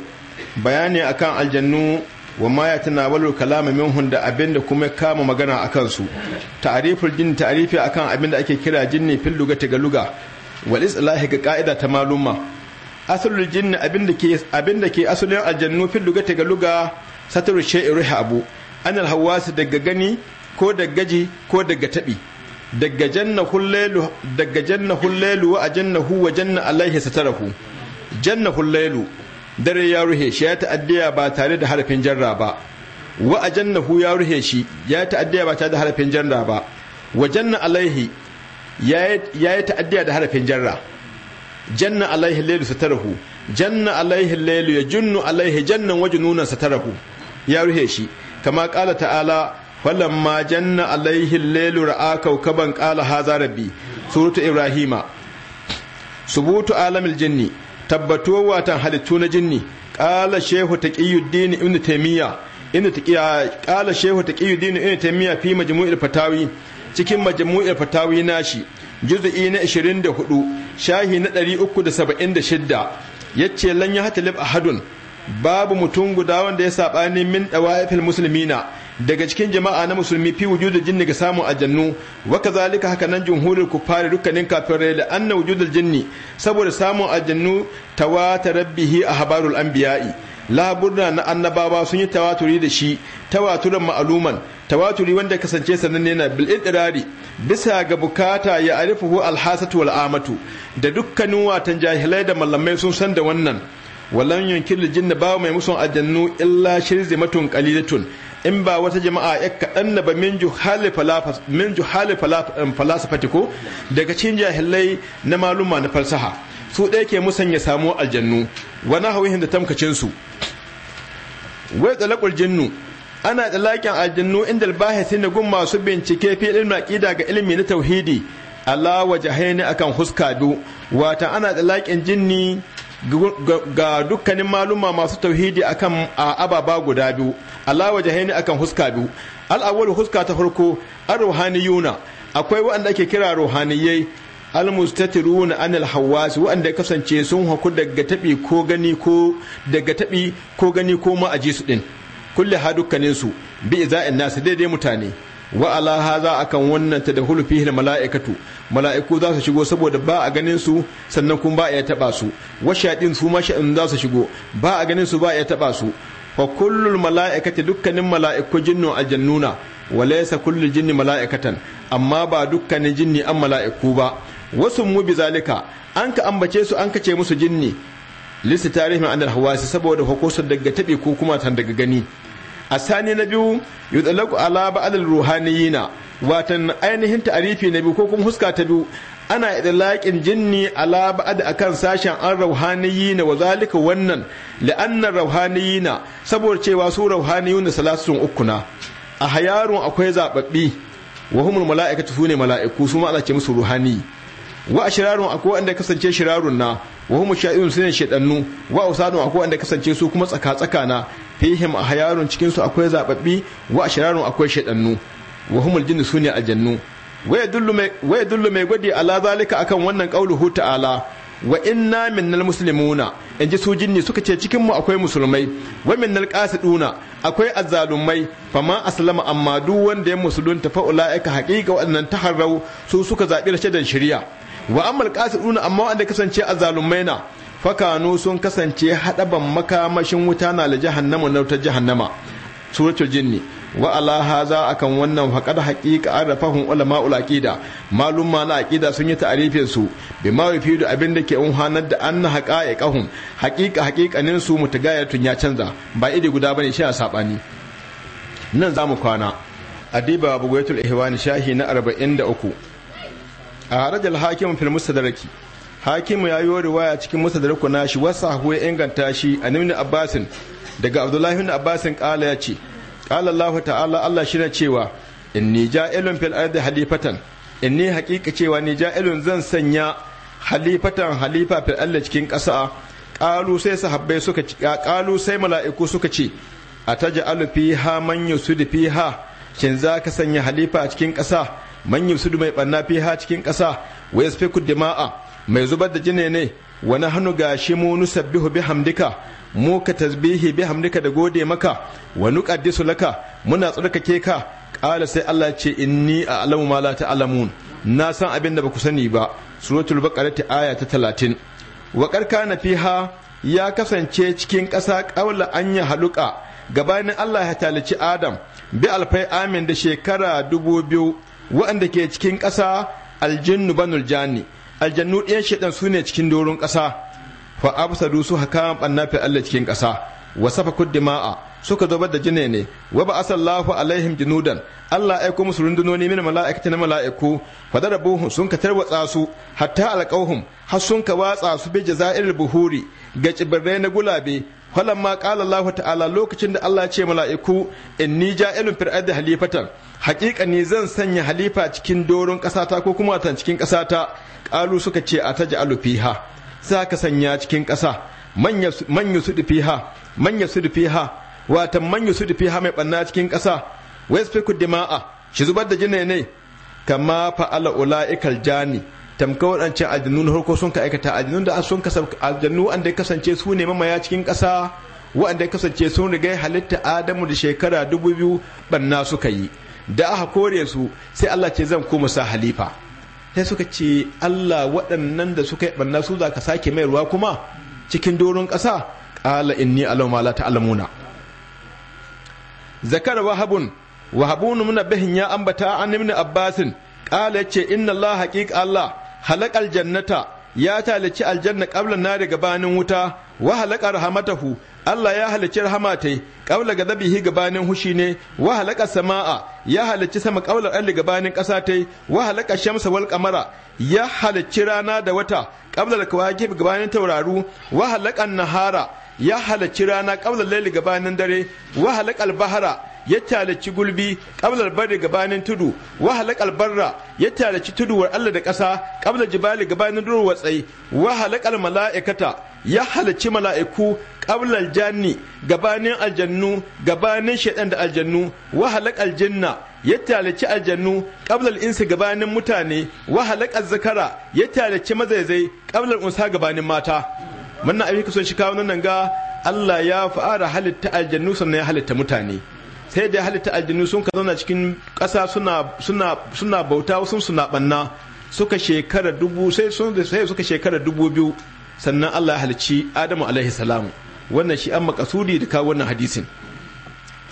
bayani akan aljannu wa ma ya tanawalu kalama minhum da abinda kuma kama magana akan su ta'riful jin ta'rifi akan abinda ake kira jinni fil lugati ga luga wal islahi ga qa'ida ta maluma aslul jinni abinda ke abinda ke asalin aljannu fil lugati ga luga satru shay'i ruhi abu anal hawasi daga gani ko daga gaji ko daga taɓi daga janna hullelu daga janna hu wa ajannahu wa janna alaihi satarahu janna hullelu dare ya ruhe shi ya ta'addiya ba tare da harafin jarra ba wa hu ya ruhe shi ya ta'addiya ba tare da harafin jarra ba wa janna alaihi ya yi ta'addiya da harafin jarra janna alaihi lailu satarahu janna alaihi lailu ya junnu alaihi jannan waje nuna satarahu ya ruhe shi kama ƙala ta'ala falamma janna alaihi lailu ra'a kaukaban ƙala haza rabbi suratu ibrahima subutu alamil jinni tabbatowatan halittu na jinni ƙala shehu taqiyuddin ibn taymiya ibn taqiya ƙala shehu taqiyuddin ibn taymiya fi majmu'il fatawi cikin majmu'il fatawi nashi juz'i na 24 shahi na 376 yace lan ya hatalib ahadun babu mutum guda wanda ya sabani min musulmi na. daga cikin jama'a na musulmi fi wujudul jinni ga samun aljannu wa kazalika haka nan jumhurul kuffari dukkanin kafirai da anna wujudul jinni saboda samun aljannu tawatar a ahbarul anbiya'i laburna na annabawa sun yi tawaturi da shi tawaturan ma'aluman tawaturi wanda kasance sananne na bil idrari bisa ga bukata ya arifuhu alhasatu wal amatu da dukkanin watan jahilai da mallamai sun san da wannan walan yunkil jinna ba mai musun aljannu illa matun qalilatun in ba wata jama'a ya kaɗan na ba min juhali um, falasafatiko daga cikin jahilai na maluma na falsaha su ɗaya ke musanya samu aljannu wani hawihin da tamkacinsu wai tsalaƙul jinnu ana dalakin aljannu inda albahisi na gun masu bincike fi ilimin ga ilimi na tauhidi ala wajahaini akan huska biyu wata ana dalakin jinni ga dukkanin maluma masu tauhidi akan ababa guda biyu Allah jahaini akan huska biyu al'awwal huska ta farko ar-ruhaniyuna akwai waɗanda ake kira ruhaniyai almustatiruna anil hawas waɗanda kasance sun haku daga tabi ko gani ko daga tabi ko gani ko ma'aji su din kulli ha dukkanin su bi iza'in nasu daidai mutane wa ala haza akan wannan ta da hulufi mala'ikatu mala'iku za su shigo saboda ba a ganin su sannan kuma ba a iya taba su wa shaɗin su ma za su shigo ba a ganin su ba a iya taba su fa kullul mala'ikati dukkanin mala'iku jinnu aljannuna wa laysa kullu jinni mala'ikatan amma ba dukkanin jinni an mala'iku ba wasu mu bi zalika an ka ambace su an kace musu jinni lissa tarihi an hawasi saboda hukusar daga tabi ko kuma tan daga gani a sani na biyu yutsalaku ala ba'adul ruhaniyina watan ainihin ta'arifi na biyu ko kuma huska ta biyu ana idlaqin jinni ala ba'ad akan sashen an rauhaniyina wa zalika wannan la'anna rauhaniyina saboda cewa su rauhaniyun salasun ukuna a hayarun akwai zababbi wa humul mala'ikatu sune mala'iku su ma ce musu ruhani wa ashirarun akwai wanda kasance shirarun na wa hum sha'irun sunan shedannu wa ausadun akwai wanda kasance su kuma tsaka tsaka na fihim a hayarun cikin su akwai zababbi wa ashararun akwai shedannu wa humul jinnu sunan aljannu wa yadullu mai gwadi ala zalika akan wannan hu ta'ala wa inna minnal muslimuna in su jinni suka ce cikin mu akwai musulmai wa minnal qasiduna akwai azzalumai fama aslama amma duk wanda ya musulunta fa ulaika haqiqa waɗannan taharrau su suka zabi rashadan shari'a wa ammal qasiduna amma wanda kasance azzalumai na fakanu sun kasance hadaban makamashin wuta na la jahannama na ta jahannama suratul jinni wa ala haza akan wannan faqad haqiqa arafahum ulama ul aqida malum na aƙida sun yi ta'arifin su bi ma da abin da ke unhanar da an anna haqaiqahum haqiqa haqiqanin su mutagayatun ya canza ba ide guda bane shi a sabani nan zamu kwana adiba bugayatul ihwan shahi na arba'in da uku. a rajal hakimin fil musadaraki hakimu ya yi riwaya cikin mustadraku shi, wasu huwa inganta shi a nimni abbasin daga abdullahi ibn abbasin kala ya ce kala allah ta'ala allah shi na cewa ja ja'ilun fil ardi halifatan in ni haƙiƙa cewa ni ja'ilun zan sanya halifatan halifa fil ardi cikin ƙasa kalu sai sahabbai suka ci kalu sai mala'iku suka ce ataja alu fiha man yusudu fiha shin za ka sanya halifa a cikin ƙasa man sudu mai banna fiha cikin ƙasa wa yasfiku dima'a mai zubar da jine ne wa ga shi mu nusabbihu bihamdika mu ka tasbihi bihamdika da gode maka wa nuqaddisu laka muna tsarkake ka qala sai Allah ce inni a'lamu ma la ta'lamun na san abin da baku sani ba suratul baqara ta aya ta 30 wa karkana fiha ya kasance cikin ƙasa ƙaula an ya haluka gabanin Allah ya talici Adam bi alfai amin da shekara dubu biyu waɗanda ke cikin ƙasa aljinnu banul jani aljannu ɗiyan shaɗan su ne cikin doron ƙasa fa absadu su haka ɓanna fi Allah cikin ƙasa wa safa kuddima'a suka zubar da jine ne wa ba asallahu alaihim jinudan Allah ya aiko musu rundunoni min mala'ikati na mala'iku fa darabuhum sun ka tarwatsa su hatta alqauhum har sun ka watsa su bi jaza'iril buhuri ga cibirai na gulabe ma kala Allah ta'ala lokacin da Allah ya ce mala'iku inni ja'ilun fil da halifatan haƙiƙa ne zan sanya halifa cikin doron ƙasata ko kuma tan cikin ƙasata ƙalu suka ce a taja alufiha za ka sanya cikin ƙasa man yusudu fiha man yusudu fiha wata man yusudu fiha mai banna cikin ƙasa wasfiku dima'a shi zubar da jini ne kama fa'ala ula'ikal jani tamka waɗancan aljannu na harko sun ka aikata aljannu da sun kasa aljannu an da kasance su ne mamaya cikin ƙasa waɗanda ya kasance sun riga halitta adamu da shekara dubu biyu banna suka yi da aka kore su sai Allah ce zan koma sa halifa sai suka ce Allah waɗannan da suka yi banna su za ka sake ruwa kuma cikin doron ƙasa qala inni alama la ta'lamuna Zakar wahabun wahabun munabihin ya ambata an ibn abbasin qala ce inna Allah haqiqa Allah halak aljannata ya talaci aljanna qabla na daga banin wuta wa halaka rahamatahu Allah ya halaci rahama tai qabla gadabihi gabanin hushi ne wa halaka sama'a ya halaci sama qabla alli gabanin kasa tai wa halaka shamsa wal qamara ya halaci rana da wata qabla kawakib gabanin tauraru wa halaka nahara ya halaci rana qabla layli gabanin dare wa halaka Albahara. ya talaci gulbi ƙabilar bari gabanin tudu wa barra ya talaci tudu Allah da ƙasa ƙabilar jibali gabanin durowar tsayi wa halaqal mala'ikata ya halaci mala'iku ƙabilar janni gabanin aljannu gabanin shaidan da aljannu wa halakal jinna ya talaci aljannu ƙabilar insa gabanin mutane wa halakal zakara ya talaci mazaizai ƙabilar unsa gabanin mata wannan abin kusan shi kawo nan ga Allah ya fa'ara halitta aljannu sannan ya halitta mutane sai da halitta aljanu sun ka zauna cikin ƙasa suna bauta wasu suna banna suka shekara dubu sai suka shekara dubu biyu sannan Allah ya halicci Adamu alaihi salam wannan shi an makasudi da kawo wannan hadisin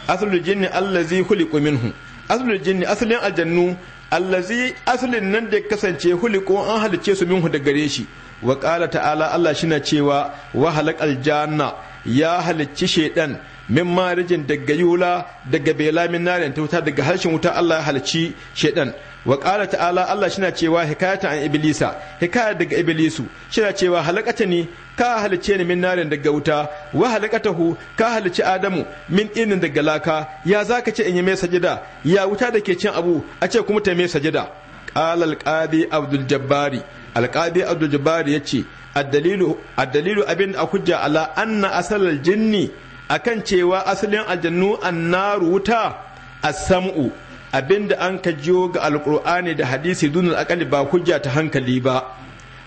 aslul jinni allazi khuliqu minhu aslul jinni aslin aljannu allazi aslin nan da kasance khuliqu an halice su minhu da gare shi wa qala ta'ala Allah shi na cewa wa halaqal janna ya halicci shaydan min marijin daga yula daga bela min narin ta wuta daga harshen wuta Allah ya halci shaidan wa ƙara ta'ala Allah shina cewa hikayata an iblisa hikaya daga iblisu shina cewa halakata ni ka halice ni min narin daga wuta wa halakatahu ka halice adamu min inin daga laka ya zaka ce in yi mai sajida ya wuta da ke cin abu a ce kuma ta mai sajida qala alqadi abdul jabbari alqadi abdul jabbari yace addalilu addalilu abin ala anna asalar jinni akan cewa asalin aljannu annaru wuta asam'u, samu abinda an ka jiyo ga alkur'ani da hadisi dunar akali ba hujja ta hankali ba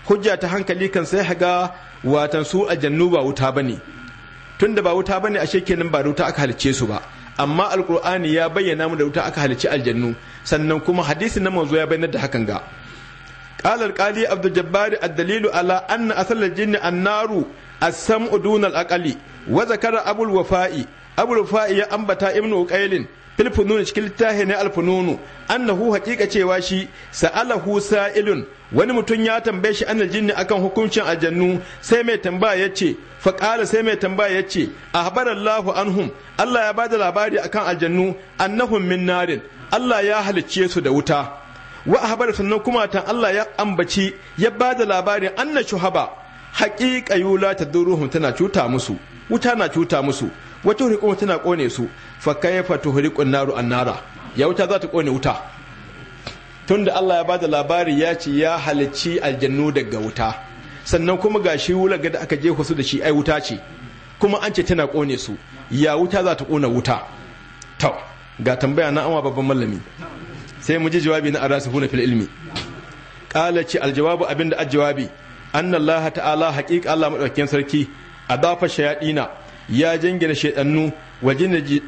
hujja ta hankali kan sai haga watan su aljannu ba wuta ba tun tunda ba wuta ba ne, a kenan ba da wuta aka halice su ba amma alkur'ani ya bayyana mu da wuta aka halice aljannu sannan kuma hadisi na manzo ya bayyana da hakan ga قال القاضي عبد الجبار الدليل على أن أصل الجن النار السمع دون wa zakara abul wafa'i abul wafa'i ya ambata ibnu qailin fil funun cikin littafi ne alfununu annahu haqiqa cewa shi sa'alahu sa'ilun wani mutum ya tambaye shi annal jinni akan hukuncin aljannu sai mai tambaya yace fa qala sai mai tambaya yace ahbarallahu anhum Allah ya bada labari akan aljannu annahum min narin Allah ya halicce su da wuta wa ahbar sannan kuma tan Allah ya ambaci ya bada labarin anna shuhaba haqiqa yula tadruhum tana cuta musu wuta na cuta musu wata hurikun tana kone su ya fata hurikun naru annara ya wuta za ta kone wuta tunda Allah ya bada labari ya ce ya halicci aljannu daga wuta sannan kuma ga shi wulaga da aka jefa su da shi ai wuta ce kuma an ce tana kone su ya wuta za ta kona wuta to ga tambaya na amma babban mallami sai mu ji jawabi na arasifuna fil ilmi qala ce aljawabu abinda ajjawabi anna Allah ta'ala haqiqa Allah madaukakin sarki adafa shayadina ya jingina shaidannu wa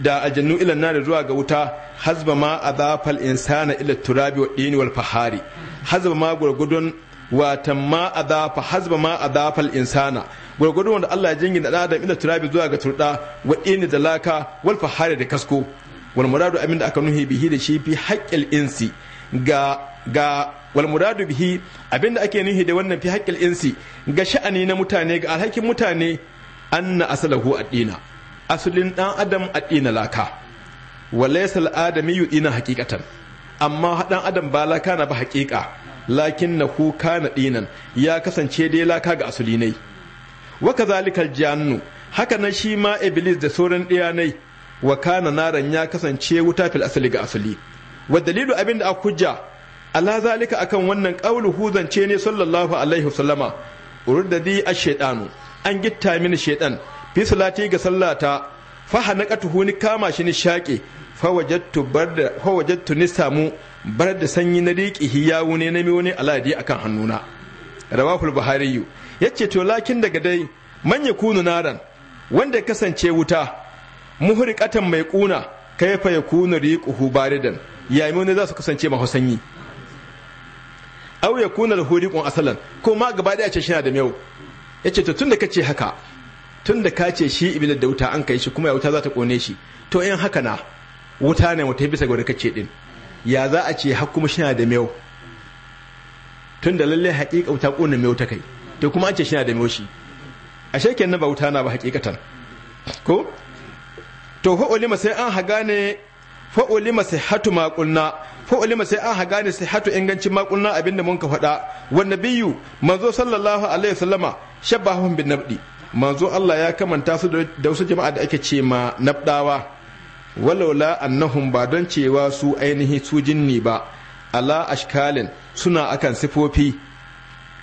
da aljannu ilan nar zuwa ga wuta hazba ma adafa al insana ila turabi wa dini wal fahari hazba ma gurgudun watan ma adafa hazba ma adafa al insana gurgudun wanda Allah ya jingina da adam ila turabi zuwa ga turda wa dini da laka wal fahari da kasko wal muradu amin da aka nuhi bihi da shi fi haƙƙil insi ga ga wal muradu bihi abinda ake nuhi da wannan fi haƙƙil insi ga sha'ani na mutane ga alhakin mutane anna asalahu addina asulin dan adam addina laka laysa al-adami yudina haqiqatan amma dan adam ba laka na ba haqiqa lakinnahu kana dinan ya kasance dai laka ga asulinai wa kadhalikal jannu haka na shi ma iblis da sauran diyanai wa kana naran ya kasance wuta fil asali ga asuli wa dalilu abin da akujja ala zalika akan wannan qawlu zance ne sallallahu alaihi wasallama urda di ash-shaytanu an gitta mini shaidan fi salati ga sallata fa hanaqatuhu ni kama shi ni shaƙe fa wajadtu barda fa wajadtu ni samu barda sanyi na riqihi yawu ne na mi wani aladi akan hannuna rawahul buhari yace to lakin daga dai man yakunu naran wanda ya kasance wuta muhriqatan mai kuna kaifa yakunu riquhu baridan ya wani za su kasance mahu sanyi aw yakunu lahu riqun asalan ko ma gaba ɗaya ce shi na da miyau ya ce to tun da ka ce haka tun da ka ce shi ibilis da wuta an kai shi kuma ya wuta za ta kone shi to in haka na wuta ne mutai bisa ga ka ce din ya za a ce har kuma shina da miyau tun da lalle haƙiƙa wuta ƙona miyau ta kai to kuma an ce shina da miyau shi a shekin na ba wuta na ba haƙiƙatan ko to fa'ulima sai an haga ne fa'ulima sai hatu maƙulna ko ulima sai an haga sai hatu ingancin makulna abin da mun ka faɗa wa nabiyyu manzo sallallahu alaihi wasallama shabbahum bin nabdi manzo Allah ya kamanta su da wasu jama'a da ake ce ma nabdawa walaula annahum ba don cewa su ainihi su jinni ba ala ashkalin suna akan sifofi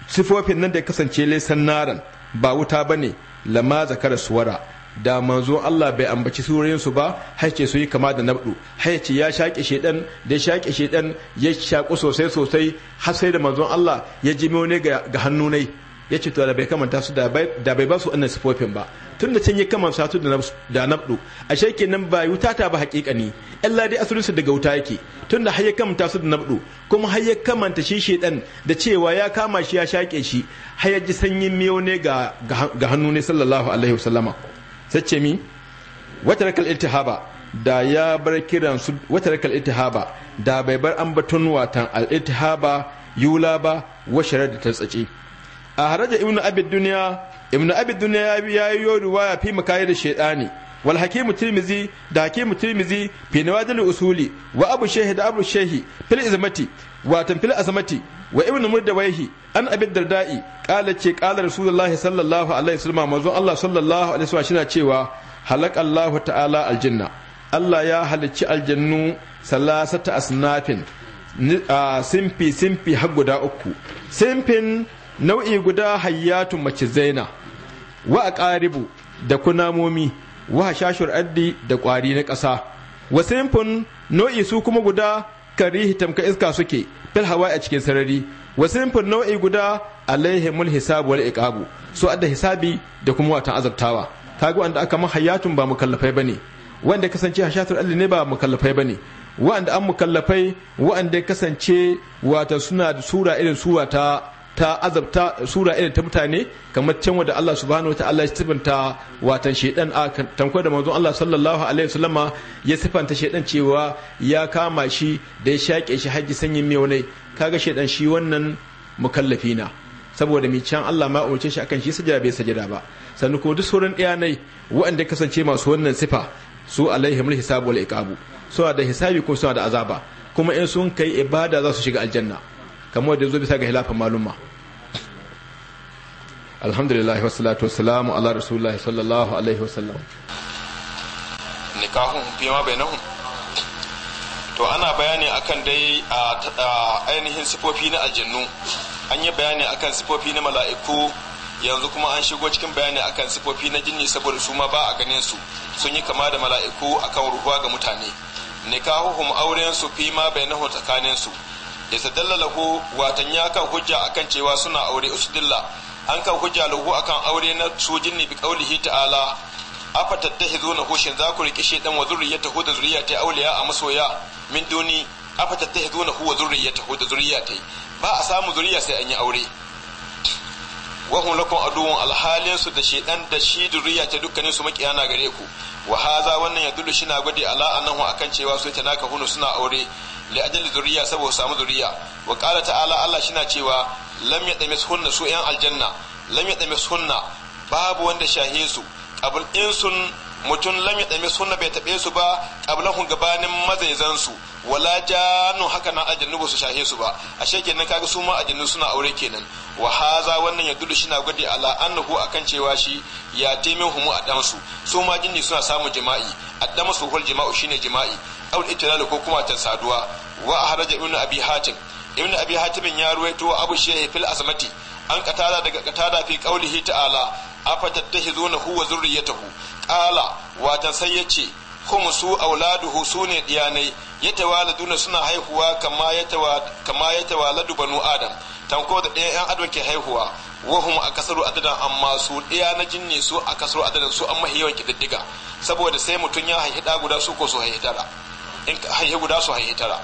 sifofin nan da kasance lesan naran ba wuta bane lama zakara suwara da manzo Allah bai ambaci surorinsu ba ce su yi kama da nabdu ce ya shaƙe shedan da ya shaƙe shedan ya shaƙu sosai sosai har sai da manzon Allah ya ji ne ga hannu ne ya ce to da bai kamanta su da bai ba su wannan sifofin ba tun da can ya kamanta su da nabdu a shaƙe nan ba wuta ta ba haƙiƙa ne Allah dai asirinsu daga wuta yake tun da har ya kamanta su da nabdu kuma har ya kamanta shi shedan da cewa ya kama shi ya shaƙe shi har ya ji sanyin miyo ne ga hannu ne sallallahu alaihi wasallama sai mi mi watarakal iltihaba da ya bar kiran su watarakal iltihaba da bai bar ambaton watan al iltihaba yula ba wa da ta tsace a haraja ibnu abid duniya ibnu abid duniya ya yi ya fi makayar da shaydani wal hakimu tirmizi da hakimu tirmizi fi usuli wa abu shehi da abu shehi fil izmati wa fil azmati wa ibnu murdawaihi an abi dardai qala ce qala sallallahu alaihi wasallam manzon Allah sallallahu alaihi wasallam shina cewa halakallahu ta'ala aljanna Allah ya halicci aljannu salasata asnafin simfi simfi har guda uku simfin nau'i guda hayyatun mace zaina wa'a ƙaribu, da kunamomi wa hashashur addi da kwari na ƙasa wasimfun nau'i su kuma guda kari tamka iska suke fil hawa a cikin sarari wasimfun nau'i guda alaihimul hisabu wal iqabu su adda hisabi da kuma watan azabtawa kaga wanda aka mahayatun ba mukallafai bane wanda kasance hashatul addi ne ba mukallafai bane wa'anda an mukallafai wa'anda kasance wata suna da sura irin suwa ta ta azabta sura irin ta mutane kamar can wadda Allah subhanahu wata'ala ya sifanta watan shedan a tankwai da manzon Allah sallallahu alaihi wasallama ya sifanta shedan cewa ya kama shi da ya shaƙe shi haji sanyin mai wani kaga shedan shi wannan mukallafi na saboda mai can Allah ma umarce shi akan shi sajada bai sajada ba sannan ko duk sauran ɗayanai waɗanda kasance masu wannan sifa su alaihim hisabu wal iqabu suna da hisabi ko suna da azaba kuma in sun kai ibada za su shiga aljanna kamar da zo bisa ga hilafin malumma alhamdulillah wasu salatu wasu salamu ala rasulullahi sallallahu alaihi wasallam nikahun fi ma bainahum to ana bayani akan dai a ainihin sifofi na aljannu an yi bayani akan sifofi na mala'iku yanzu kuma an shigo cikin bayani akan sifofi na jinni saboda su ma ba a ganin su sun yi kama da mala'iku akan ruhuwa ga mutane nikahuhum auren su fi ma bainahu tsakanin su yastadalla lahu watan ya kan hujja akan cewa suna aure usdillah an ka hujja lahu akan aure na sojin ne bi kaulihi ta'ala afa tattahizuna hushin za ku rike shedan wa zurriyatahu da zurriyata auliya a masoya min duni afa tattahizuna huwa zurriyatahu da zurriyata ba a samu zuriya sai an yi aure hum lakum aduwwun alhalin su da shedan da shi zuriya ta dukkanin su makiyana gare ku wa haza wannan ya dulu na gode ala annahu akan cewa su ta naka hunu suna aure li ajli zuriya saboda samu zuriya wa qala ta'ala Allah shina cewa lam yadmishunna su yan aljanna lam hunna babu wanda shahe su qabl sun mutum lam ya dame bai taɓe su ba qablahum gabanin mazaizan su wala janu haka na aljannu su shahe su ba ashe kenan kaga suma ma aljannu suna aure kenan wa haza wannan ya dudu shina gudi ala annahu akan cewa shi ya taimin humu a dan su su ma jinni suna samu jima'i addama su hul jima'u shine jima'i aw itilal ko kuma ta saduwa wa haraja ibnu abi hatim ibnu abi hatim ya ruwaito abu shehi fil asmati an katada daga katada fi qaulihi ta'ala afatattahizunahu wa zurriyatahu ta'ala wata sai ya ce kuma su auladuhu su ne diyanai ya tawaladuna suna haihuwa kama ya tawaladu banu adam tanko da ɗaya yan adam ke haihuwa wahum a kasaru adadan amma su ɗaya na jinni su a kasaru adadan su an mahi yawan kididdiga saboda sai mutum ya haihi ɗa guda su ko su haihi tara in haihi guda su haihi tara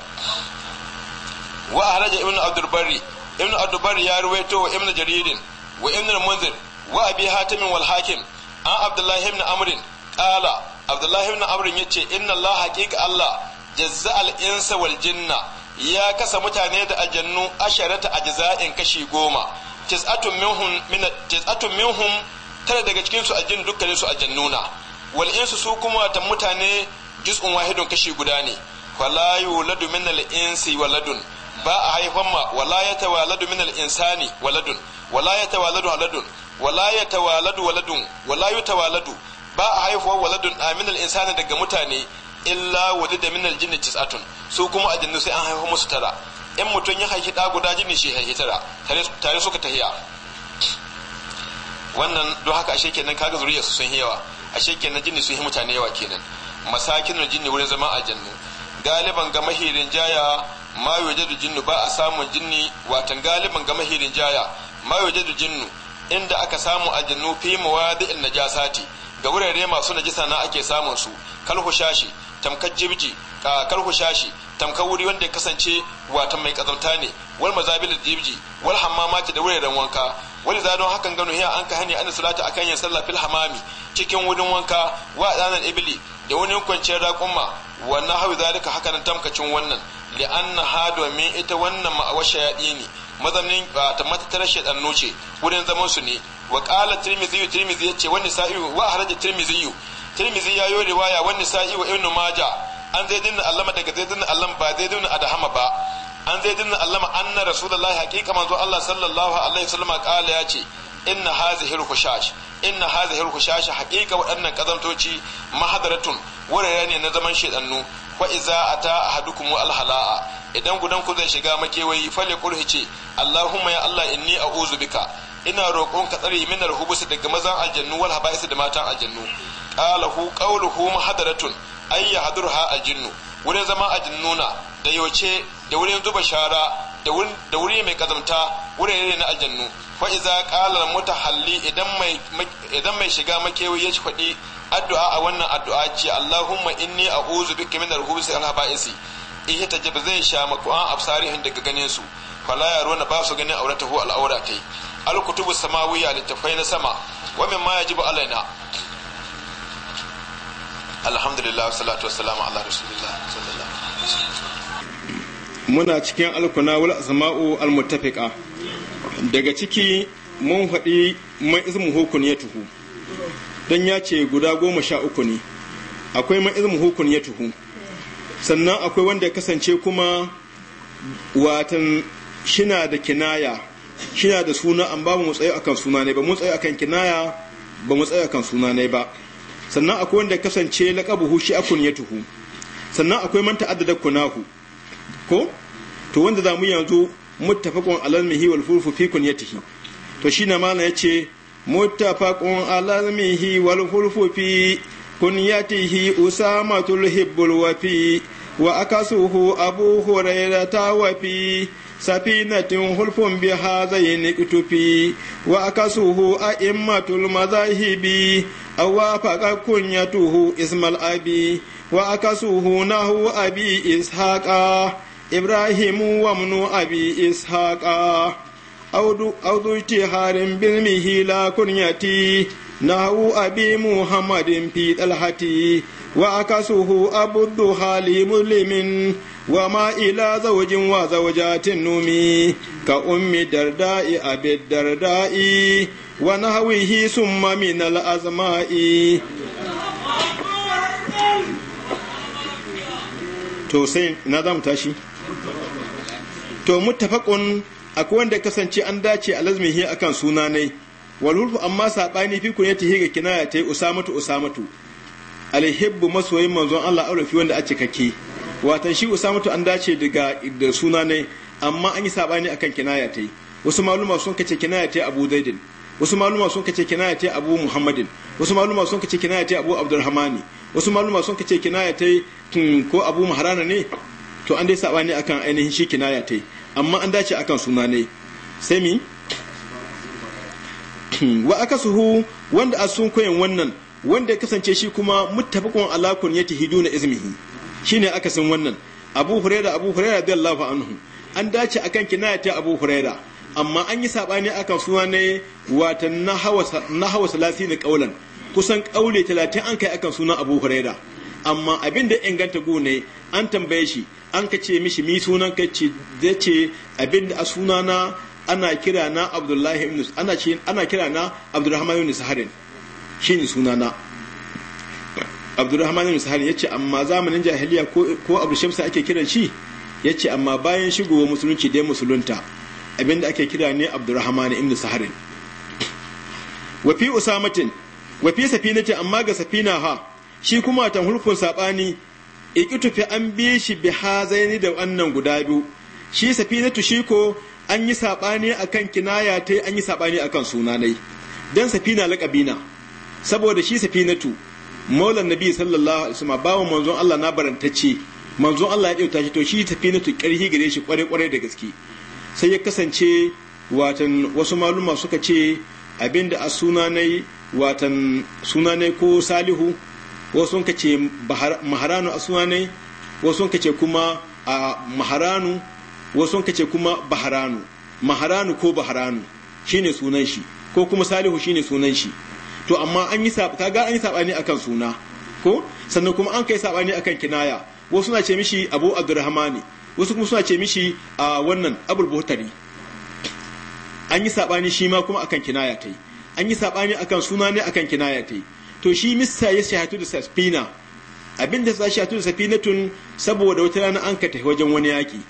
wa ahraja ibnu abdul barri ibnu abdul barri ya ruwaito wa ibnu jaririn wa ibnu munzir wa abi hatim wal hakim an abdullahi ibn amrin qala abdullahi ibn amrin yace inna allah haqiqa allah jazza al insa wal jinna ya kasa mutane da ajannu asharata ajza'in kashi goma tis'atun minhum min tis'atun tare daga cikin su ajin dukkanin su ajannuna wal insu su kuma ta mutane juz'un wahidun kashi guda ne wala yuladu min al insi waladun ba a haifan ma wala yatawaladu min al insani waladun wala yatawaladu haladun wala ya tawaladu waladun wala yu tawaladu ba a haifuwa waladun aminal insani daga mutane illa wali da minal jinni tis'atun su kuma aljannu sai an haihu musu tara in mutum ya haifi da guda jinni shi haifi tara tare suka tahiya wannan don haka ashe kenan kaga zuri su sun yawa ashe kenan jinni sun yi mutane yawa kenan masakin jinni wurin zama a jannu galiban ga mahirin jaya ma yujadu jinnu ba a samun jinni watan galiban ga mahirin jaya ma yujadu jinnu inda aka samu aljannu fi in najasati ga wurare masu najisa na ake samun su shashi tamkar jibji shashi tamkar wuri wanda ya kasance wata mai kazanta ne wal mazabil jibji wal hammamaki da wuraren wanka wani zadon hakan gano hiya an ka hani an salata akan yin sallah fil hamami cikin wurin wanka wa danan ibli da wani kwanciyar raƙumma wannan hawi zalika haka nan tamkacin wannan li'anna ha domin ita wannan ma'awar shayaɗi ne ba ta matattarar shaɗannu ce wurin zaman su ne wa ƙala tirmiziyu tirmizi ya ce wani sa'iyu wa haraja tirmiziyu tirmizi ya yi riwaya wani sa'iyu wa ibnu maja an zai dinna allama daga zai dinna allam ba zai dinna adahama ba an zai dinna allama anna rasulullahi hakika manzo Allah sallallahu alaihi wasallam kala ya ce inna hazihi rukushash inna hazihi rukushash hakika waɗannan kazantoci mahadaratun wurare ne na zaman shedannu fa iza ata ahadukum alhalaa idan gudan ku zai shiga makewayi fale kurhi ce allahumma ya allah inni a'udhu bika ina roƙon ka tsare min alhubus daga mazan aljannu wal haba'is da matan aljannu qala hu qawluhu mahadaratun ay yahdurha aljannu. wurin zama a dinnuna da yauce da wurin zuba shara da wuri mai kazamta yare na aljannu fa iza qala mutahalli idan mai idan mai shiga makewi ya kwadi addu'a a wannan addu'a ce Allahumma inni a'udhu bika min al-khubuthi wal haba'isi ihe tajib zai sha maku'an absarihin daga ganin su fala yaruna ba su ganin auratahu al-auratai al-kutubu samawiyya littafai na sama wa mimma yajibu alaina alhamdulillah salatu wassalamu ala rasulillah sallallahu alaihi wasallam muna cikin alkuna wal asma'u al muttafiqa daga ciki mun faɗi man izmu hukun ya tuhu dan ya ce guda goma sha uku ne akwai man izmu hukun ya tuhu sannan akwai wanda ya kasance kuma watan shina da kinaya shina da suna an ba mu tsaye akan suna ne ba mu tsaye akan kinaya ba mu tsaye akan suna ne ba sannan akwai wanda kasance laƙabuhu shi tuhu sannan akwai man ta'addada kunahu ko to wanda zamu yanzu muttafaqun mihi wal furfu fi kunyatihi to shi na mana yace muttafaqun mihi wal furfu fi kunyatihi usamatul hibbul wafi wa akasuhu abu hurairata wafi سفينة خلف زين اكتفي وأكسوه أئمة المذاهب أو وافق كنيته اسم الأبي وأكسوه نحو أبي إسحاق إبراهيم ومن أبي إسحاق أو ذو اشتهار بالمه لا كنيتي نحو أبي محمد في الحتي وأكسوه أبو الضحى لمسلم وما إلى زوج وزوجات نومي كأم درداء أبي الدرداء ونهوه ثم من الأزماء to sai na za mu tashi to muttafaqun akwai wanda kasance an dace alazmihi akan suna ne wal hulfu amma sabani fi yati higa kinaya tai usamatu usamatu alhibbu masoyin manzon Allah aure fi wanda a cikakke watan shi usamatu an dace daga da suna ne amma an yi sabani akan kinaya ta wasu maluma sun kace kinaya ta abu zaidin wasu maluma sun kace kinaya ta abu muhammadin wasu maluma sun kace kinaya ta abu abdurrahmani wasu maluma sun kace kinaya ta hmm, ko abu muharana ne to an dai sabani akan ainihin shi kinaya ta amma an dace akan suna ne sai mi hmm, wa akasuhu wanda asun koyin wannan wanda ya kasance shi kuma muttafaqun ala kun izmihi shine aka san wannan abu huraira abu huraira radiyallahu anhu an dace akan kinaya ta abu huraira amma an yi sabani akan suna ne wata na hawa salasi ne kaulan kusan kaule talatin an kai akan suna abu huraira amma abin da inganta go ne an tambaye shi an ka ce mishi mi sunan ka ce da ce abin da a sunana ana kira na abdullahi ibn ana ce ana kira na abdurrahman ibn saharin shine sunana abdurrahman ibn sahal yace amma zamanin jahiliya ko ko ake kiran shi yace amma bayan shigowa musulunci dai musulunta abinda ake kira ne abdurrahman ibn sahal wa fi usamatin wa fi safinati amma ga safina ha shi kuma tan hulkun sabani ikitufi an bi shi bi hazaini da wannan guda biyu shi safinatu shi ko an yi sabani akan kinaya tai an yi sabani akan sunanai dan safina laƙabina saboda shi safinatu maulan nabi sallallahu alaihi wasallam bawo manzon Allah na barantacce manzon Allah ya kyauta shi to shi tafi na karhi gare shi kware kware da gaske sai ya kasance watan wasu maluma suka ce abinda a sunanai watan sunanai ko salihu wasu sun kace maharanu a sunanai wasu sun kace kuma a maharanu wasu sun kace kuma baharanu maharanu ko baharanu shine sunan shi ko kuma salihu shine sunan shi to amma an yi kaga an yi sabani akan suna ko sannan kuma an kai sabani akan kinaya wasu suna ce mishi abu abdurrahmani wasu kuma suna ce mishi a wannan abul buhtari an yi sabani shi ma kuma akan kinaya ta yi an yi sabani akan suna ne akan kinaya ta yi to shi Mr. ya shahatu da safina abin da za shahatu da safina tun saboda wata rana an ka tafi wajen wani yaki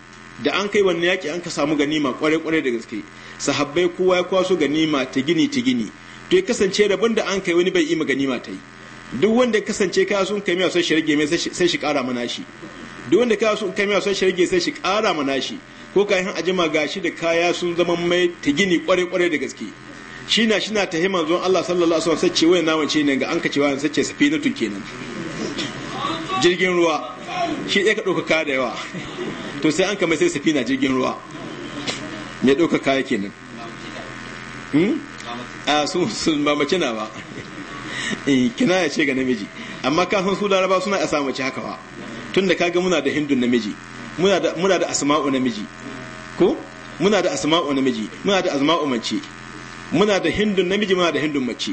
da an kai wannan yaki an ka samu ganima kwarai kwarai da gaske sahabbai kowa ya kwaso ganima ta gini ta gini to ya kasance rabon da an kai wani bai yi magani ma ta yi duk wanda ya kasance kaya sun kai miya sai shi rage mai sai shi kara mana shi duk wanda kaya sun kai miya sai shi rage sai shi kara mana shi ko kayan ajima gashi da kaya sun zama mai ta gini kware kware da gaske shi na shi na ta himan zuwan Allah sallallahu alaihi wasallam sai ce wayan naman ce ne ga an kace cewa sai ce safinatu kenan jirgin ruwa shi ɗaya ka dauka kaya da yawa to sai an kama sai safina jirgin ruwa mai ɗauka kaya kenan hmm? a sun ba mace na ba eh, kina ya ce ga namiji amma ka san su laraba suna a mace haka ba tunda kaga muna da hindun namiji muna da muna da asma'u namiji ko muna da asma'u namiji muna da asma'u mace muna da hindun namiji muna da hindun mace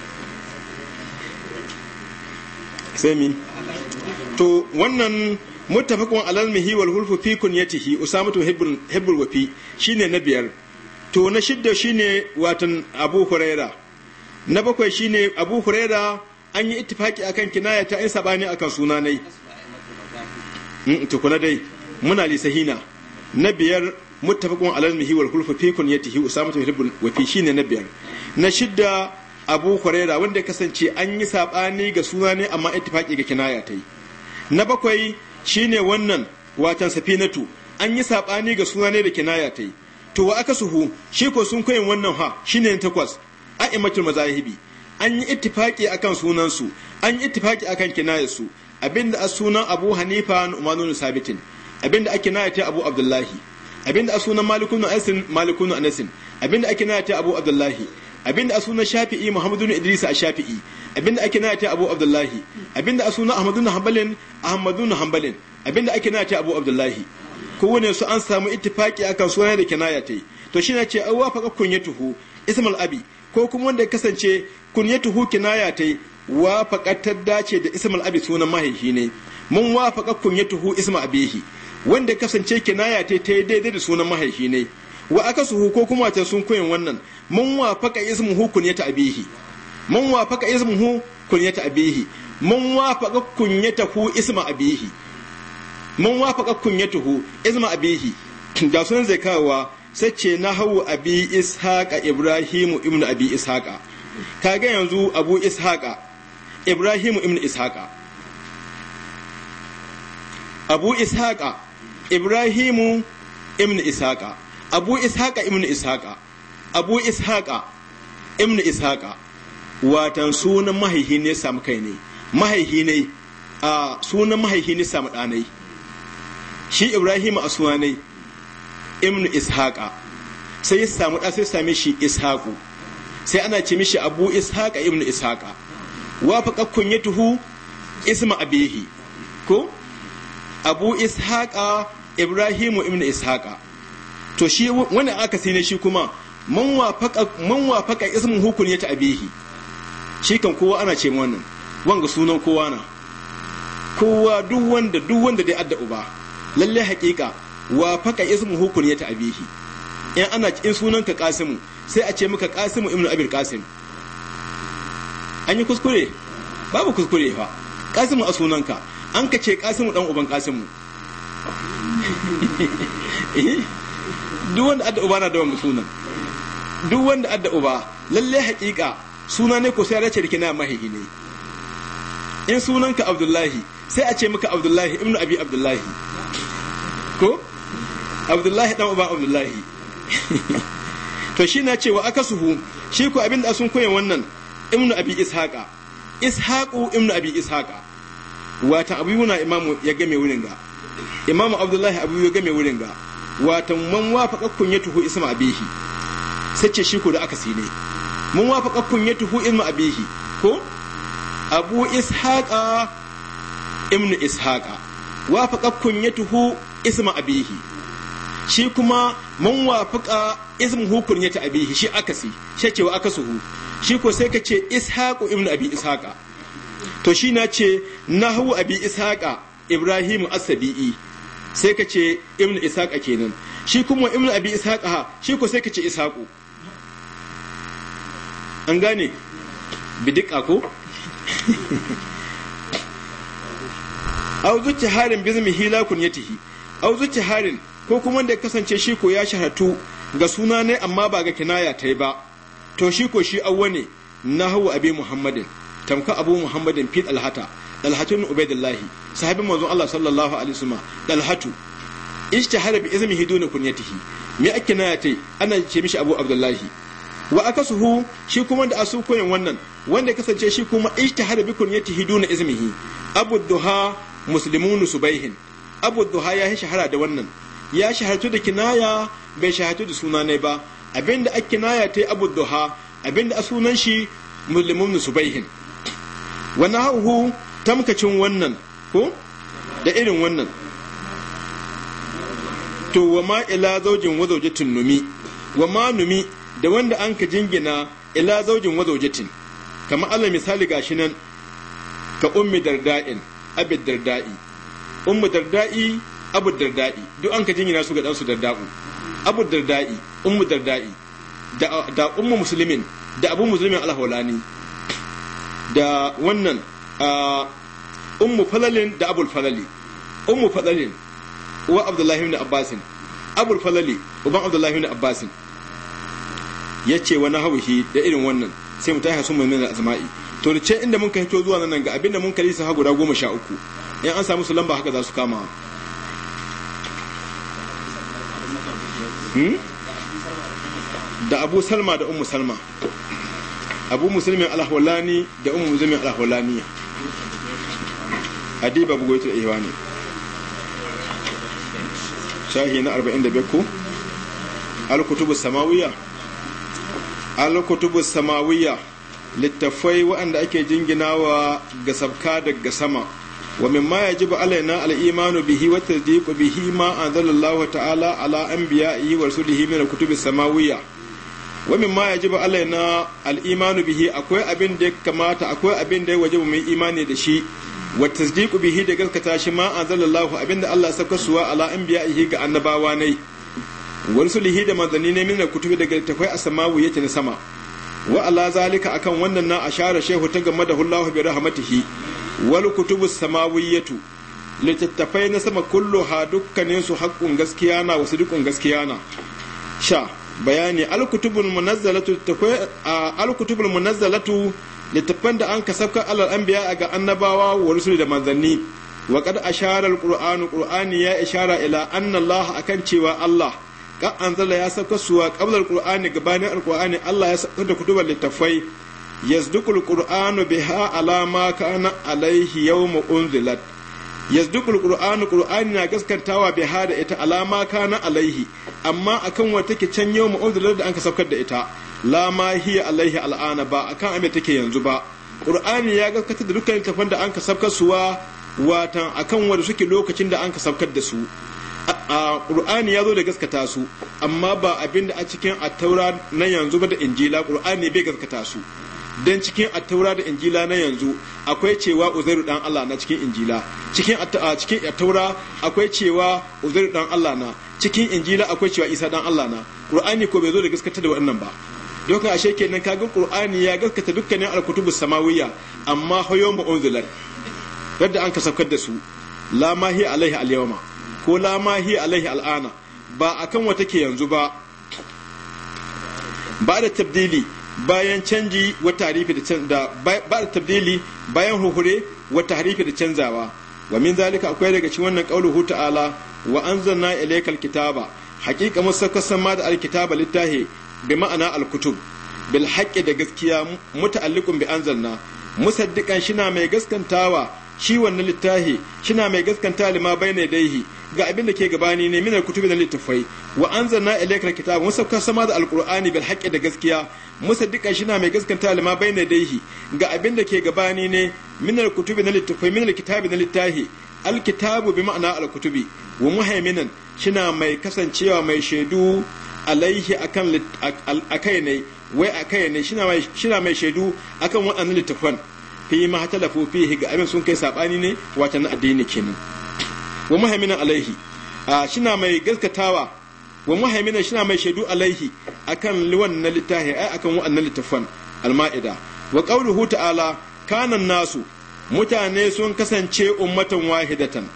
sai mi to wannan muttafaqun alal mihi wal hulfu fi kunyatihi usamatu hibbul hibbul wafi shine na biyar to na shidda shine watan abu huraira na bakwai shine abu huraira an yi ittifaki akan kinaya ta in sabani akan suna nai mm, tukuna dai muna lisahina na biyar muttafaqun alal mihi wal kulfu fi kunyatihi usama ta hibbul wa fi shine na biyar na shidda abu huraira wanda kasance an yi sabani ga suna ne amma ittifaki ga kinaya ta yi na bakwai shine wannan watan safinatu an yi sabani ga suna ne da kinaya ta yi to wa aka suhu shi ko sun koyin wannan ha shine takwas a'immatul mazahibi an yi ittifaki akan sunan su an yi ittifaki akan kinayar su abinda a sunan Abu Hanifa na bin sabitin abinda ake ta Abu Abdullahi abinda a sunan malikun bin Anas anasin bin Anas abinda ake ta Abu Abdullahi abinda a sunan shafi'i muhammadu bin idris a shafi'i abinda ake na ta abu abdullahi abinda a sunan ahmadu na hanbalin ahmadu na hanbalin abinda ake na ta abu abdullahi kowane su an samu ittifaki akan suna da kinaya ta yi to shi ce an wafaka kunyatuhu ismal abi ko kuma wanda ya kasance kunyatuhu kinaya ta yi wafaka ta dace da ismal abi sunan mahaifi ne mun wafaka kunyatuhu isma abihi wanda ya kasance kinaya ta ta yi daidai da sunan mahaifi ne wa aka suhu ko kuma ta sun koyin wannan mun wafaka ismuhu kunyata abihi mun hu ismuhu kunyata abihi mun wafaka kunyata hu isma abihi man wafaka kunyatuhu izma abihi da sunan zai kawowa sai ce na hawu abi ishaqa ibrahimu ibnu abi ishaqa kaga yanzu abu ishaqa ibrahimu ibnu ishaqa abu ishaqa ibrahimu ibnu ishaqa abu ishaqa ibnu ishaqa abu ishaqa ibnu ishaqa watan sunan mahaihi ne samu kai ne mahaihi ne a sunan mahaihi ne samu ɗanai shi ibrahim ne. ibn ishaqa sai ya samu da sai same shi ishaqu sai ana ce mishi abu ishaqa ibn ishaqa wa faqa kunyatuhu isma abihi ko abu ishaqa ibrahim ibn ishaqa to shi wani aka ne shi kuma man wafaka ismin hukun ya abihi shi kan kowa ana ce wannan wanga sunan kowa na kowa duk wanda duk wanda dai adda uba lalle haƙiƙa wa faka ismu hukun ya ta'abihi in ana in sunanka kasimu sai a ce maka kasimu ibnu abil qasim an yi kuskure babu kuskure fa qasimu a sunanka an ka ce kasimu dan uban kasimu. Eh? duk wanda adda uba na da wanga sunan duk wanda adda uba lalle haƙiƙa suna ne ko sai race rikina kina mahihi ne in sunanka abdullahi sai a ce maka abdullahi ibnu abi abdullahi ko abdullahi dan uba abdullahi to shi na cewa aka suhu shi ko abin da sun koyan wannan ibnu abi ishaqa ishaqu ibnu abi ishaqa wata abu yuna imamu ya game wurin ga imamu abdullahi abu ya game wurin ga wata man ya tuhu isma abihi sai ce shi ko da aka sine mun ya tuhu isma abihi ko abu ishaqa ibnu ishaqa ya tuhu isma abihi shi kuma mun wafuka ism hukun ya ta abihi shi akasi shi ce wa akasuhu shi ko sai ka ce ishaqu ibn abi ishaqa to shi na ce nahwu abi ishaqa ibrahim as-sabi'i sai ka ce ibn ishaqa kenan shi kuma ibn abi ishaqa shi ko sai ka ce ishaqu an gane bidika ko auzu zuci halin bizmi hila kunyatihi au harin ko kuma da ya kasance shi ko ya shahatu ga suna ne amma ba ga kinaya ta yi ba to shi ko shi awwa ne na hawa abi muhammadin tamka abu muhammadin fit alhata dalhatun ibn ubaidillahi sahabin manzon Allah sallallahu alaihi wasallam dalhatu ishtahara bi izmihi duna kunyatihi me ake na tai ana ce mishi abu abdullahi wa akasuhu shi kuma da asu koyin wannan wanda kasance shi kuma ishtahara bi kunyatihi duna izmihi abu duha muslimunu subaihin abu duha ya shahara da wannan ya shahartu da kinaya bai shahartu da suna ne ba abinda a kinaya ta abu duha abinda a sunan shi muslimun subaihin wani hauhu tamkacin wannan ko da irin wannan to wa ma ila zaujin wazaujatin numi wa ma numi da wanda an ka jingina ila zaujin wazaujatin kamar Allah misali gashi nan ka ummi darda'in abid darda'i ummu darda'i abu darda'i duk an ka jingina su ga su darda'u abu darda'i ummu darda'i da ummu musulmin da abu musulmin alhaulani da wannan ummu falalin da abul falali ummu falalin wa abdullahi ibn abbasin abul falali uban abdullahi ibn abbasin yace wani nahwihi da irin wannan sai mu tafi sun mai asma'i to da inda mun ka hito zuwa nan ga abinda mun kalisa ha guda goma sha uku in an samu su lamba haka za su kama hmm? da abu salma da ummu salma abu musulmin alahwalani da ummu musulmin alahwalaniya adiba bugoyitar ne shahi na 45 ku alkutubu samawiya alkutubu samawiya littafai waɗanda ake jinginawa ga sabka daga sama wa mimma yajibu alaina al-imanu bihi wa tasdiqu bihi ma anzalallahu ta'ala ala anbiya'ihi wa rusulihi min kutubi samawiyya wa mimma yajibu alaina al-imanu bihi akwai abin da ya kamata akwai abin da ya wajibu mu imani da shi wa tasdiqu bihi da gaskata shi ma anzalallahu abinda Allah saka suwa ala anbiya'ihi ga annabawa ne wa rusulihi da manzanni ne min al-kutubi daga tafai as-samawiyyati na sama wa ala zalika akan wannan na ashara shehu ta game da hullahu bi rahmatihi wal kutubu samawiyatu littattafai na sama kullu ha dukkanin su haƙƙun gaskiya na wasu dukkan gaskiya na sha bayani alkutubul munazzalatu munazzalatu da an kasafka alal anbiya ga annabawa wa rusul da manzanni wa asharar ashara alqur'anu qur'ani ya ishara ila anna akan cewa allah ka anzala ya sauka suwa qabla alqur'ani gabanin alqur'ani allah ya sakar da kutubar littattafai yasduqul qur'anu biha ala ma kana alaihi yawma unzilat yasduqul qur'anu qur'ani na gaskantawa biha da ita ala ma kana alaihi amma akan wa take can yawma unzilat da anka saukar da ita la ma al'ana ba akan ame take yanzu ba qur'ani ya gaskata da dukkan tafan da anka saukar suwa watan akan wanda suke lokacin da anka saukar da su a ya zo da gaskata su amma ba abin da a cikin attaura na yanzu ba da injila ƙur'ani bai gaskata su don cikin attaura da injila na yanzu akwai cewa uzairu dan Allah na cikin injila cikin cikin attaura akwai cewa uzairu dan Allah na cikin injila akwai cewa isa dan Allah na qur'ani ko bai zo da gaskata da wannan ba don ka ashe kenan kaga qur'ani ya gaskata dukkanin alkutubus samawiyya amma hayo mu unzilat yadda an ka da su la mahi alaihi alyawma ko la mahi alaihi al'ana ba akan wata ke yanzu ba ba da tabdili bayan canji wa tarifi da canza ba da tabdili bayan huhure wa tarifi da canzawa wa min zalika akwai daga cikin wannan hu ta'ala wa anzalna ilaykal kitaba haqiqa kasan ma da alkitaba littahi bi ma'ana alkutub bil haqqi da gaskiya muta'alliqun bi anzalna musaddiqan shina mai gaskantawa shi wannan littahi shina mai gaskanta lima bayna daihi ga abin da ke gabani ne minar kutubi na littafai wa anzalna kitabu musa musakka sama da alqur'ani bil haqqi da gaskiya musaddiqan shi na mai gaskanta lima bayna daihi ga abin da ke gabani ne minar kutubi na littafai minar kitabi na littahi alkitabu bi ma'ana alkutubi wa muhaiminan na mai kasancewa mai shaidu alaihi akan akai ne wai akai ne na mai mai shaidu akan waɗannan littafan fi ma talafu fihi ga abin sun kai sabani ne wata na addini kenan wa muhaimina alaihi a shina mai gaskatawa wa muhaimina shina mai shaidu alaihi akan wannan littafi ai akan wannan littafan alma'ida wa qauluhu ta'ala kanan nasu mutane sun kasance ummatan wahidatan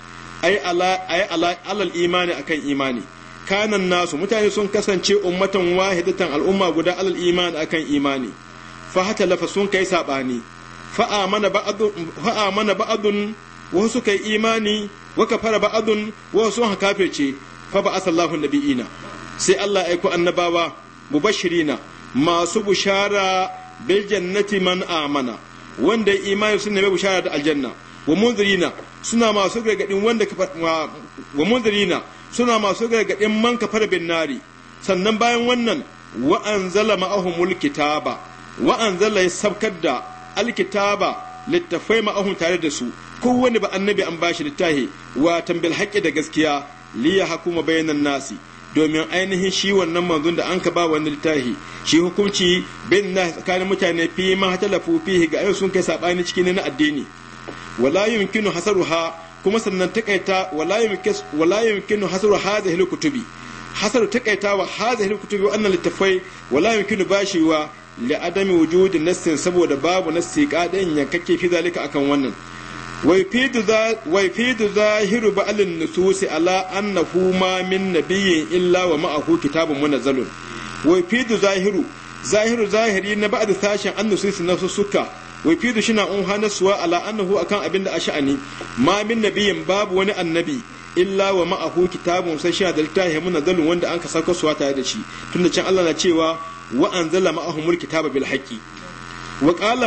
ai ala ai ala alal imani akan imani kanan nasu mutane sun kasance ummatan wahidatan al'umma guda alal imani akan imani fa hata lafa sun kai sabani fa amana ba'adun wasu kai imani wa fara ba'adun wa sun ce fa ba'atha Allahu nabiyina sai Allah aiko annabawa mubashirina masu bushara bil jannati man amana wanda imani sun nabi bushara da aljanna wa munzirina suna masu gargadin wanda wa munzirina suna masu gargadin man kafara bin nari sannan bayan wannan wa anzala ma'ahumul kitaba wa anzala ya sabkar da alkitaba littafai ma'ahum tare da su kowane ba annabi an bashi littahi wa tambal haƙƙi da gaskiya liya hakuma bayanan nasi domin ainihin shi wannan manzon da an ka ba wani littahi shi hukunci bin na tsakanin mutane fi ma talafu fihi ga ayyukan sun kai sabani cikin na addini wala yumkinu hasaruha kuma sannan takaita wala yumkinu wala yumkinu hasaru hadhihi alkutubi hasaru takaita wa hadhihi alkutubi wannan littafai wala yumkinu bashiwa li adami wujudi nassin saboda babu nassi qadin yankake fi zalika akan wannan waifidu zahiru ba'alin nususi ala annahu ma min nabiyyin illa wa ma'ahu kitabun munazzalun zahiru zahiri na ba'd sashin an nususi na suka waifidu shina un hanasuwa ala annahu akan abinda a sha'ani ma babu wani annabi illa wa ma'ahu kitabun sai shi da littafi munazzalun wanda an ka sauka tare da shi tunda can Allah na cewa wa anzala ma'ahumul kitaba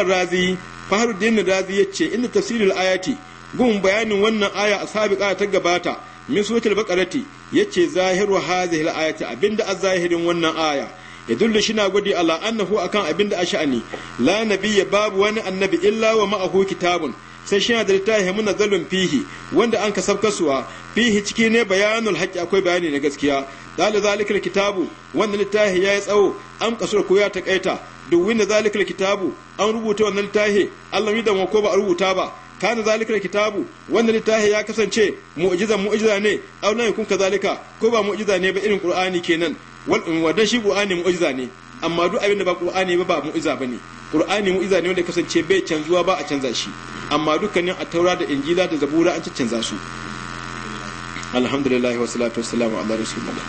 razi da Razi yace inda tafsirin ayati gun bayanin wannan aya a sabiqa ta gabata min suratul baqarati yace zahiru hadhihi ayati abinda a zahirin wannan aya yadullu na gudi ala annahu akan abinda ash'ani la nabiyya babu wani annabi illa wa ma'ahu kitabun sai shi da littafin zalun fihi wanda an kasabkasuwa fihi ciki ne bayanul haqqi akwai bayani na gaskiya dalil zalikal kitabu wannan littafi yi tsawo an kasur ko ya takaita duk wanda zalikal kitabu an rubuta wannan littafi Allah da ko ba a rubuta ba kana zalikal kitabu wannan littafi ya kasance mu'jiza mu'jiza ne aw la yakun kazalika ko ba mu'jiza ne ba irin qur'ani kenan wannan shi qur'ani mu'jiza ne amma duk abin da ba qur'ani ba ba mu'jiza bane qur'ani mu'jiza ne wanda kasance bai canzuwa ba a canza shi amma dukkanin a taura da injila da zabura an canza su alhamdulillah wa salatu wassalamu ala rasulillah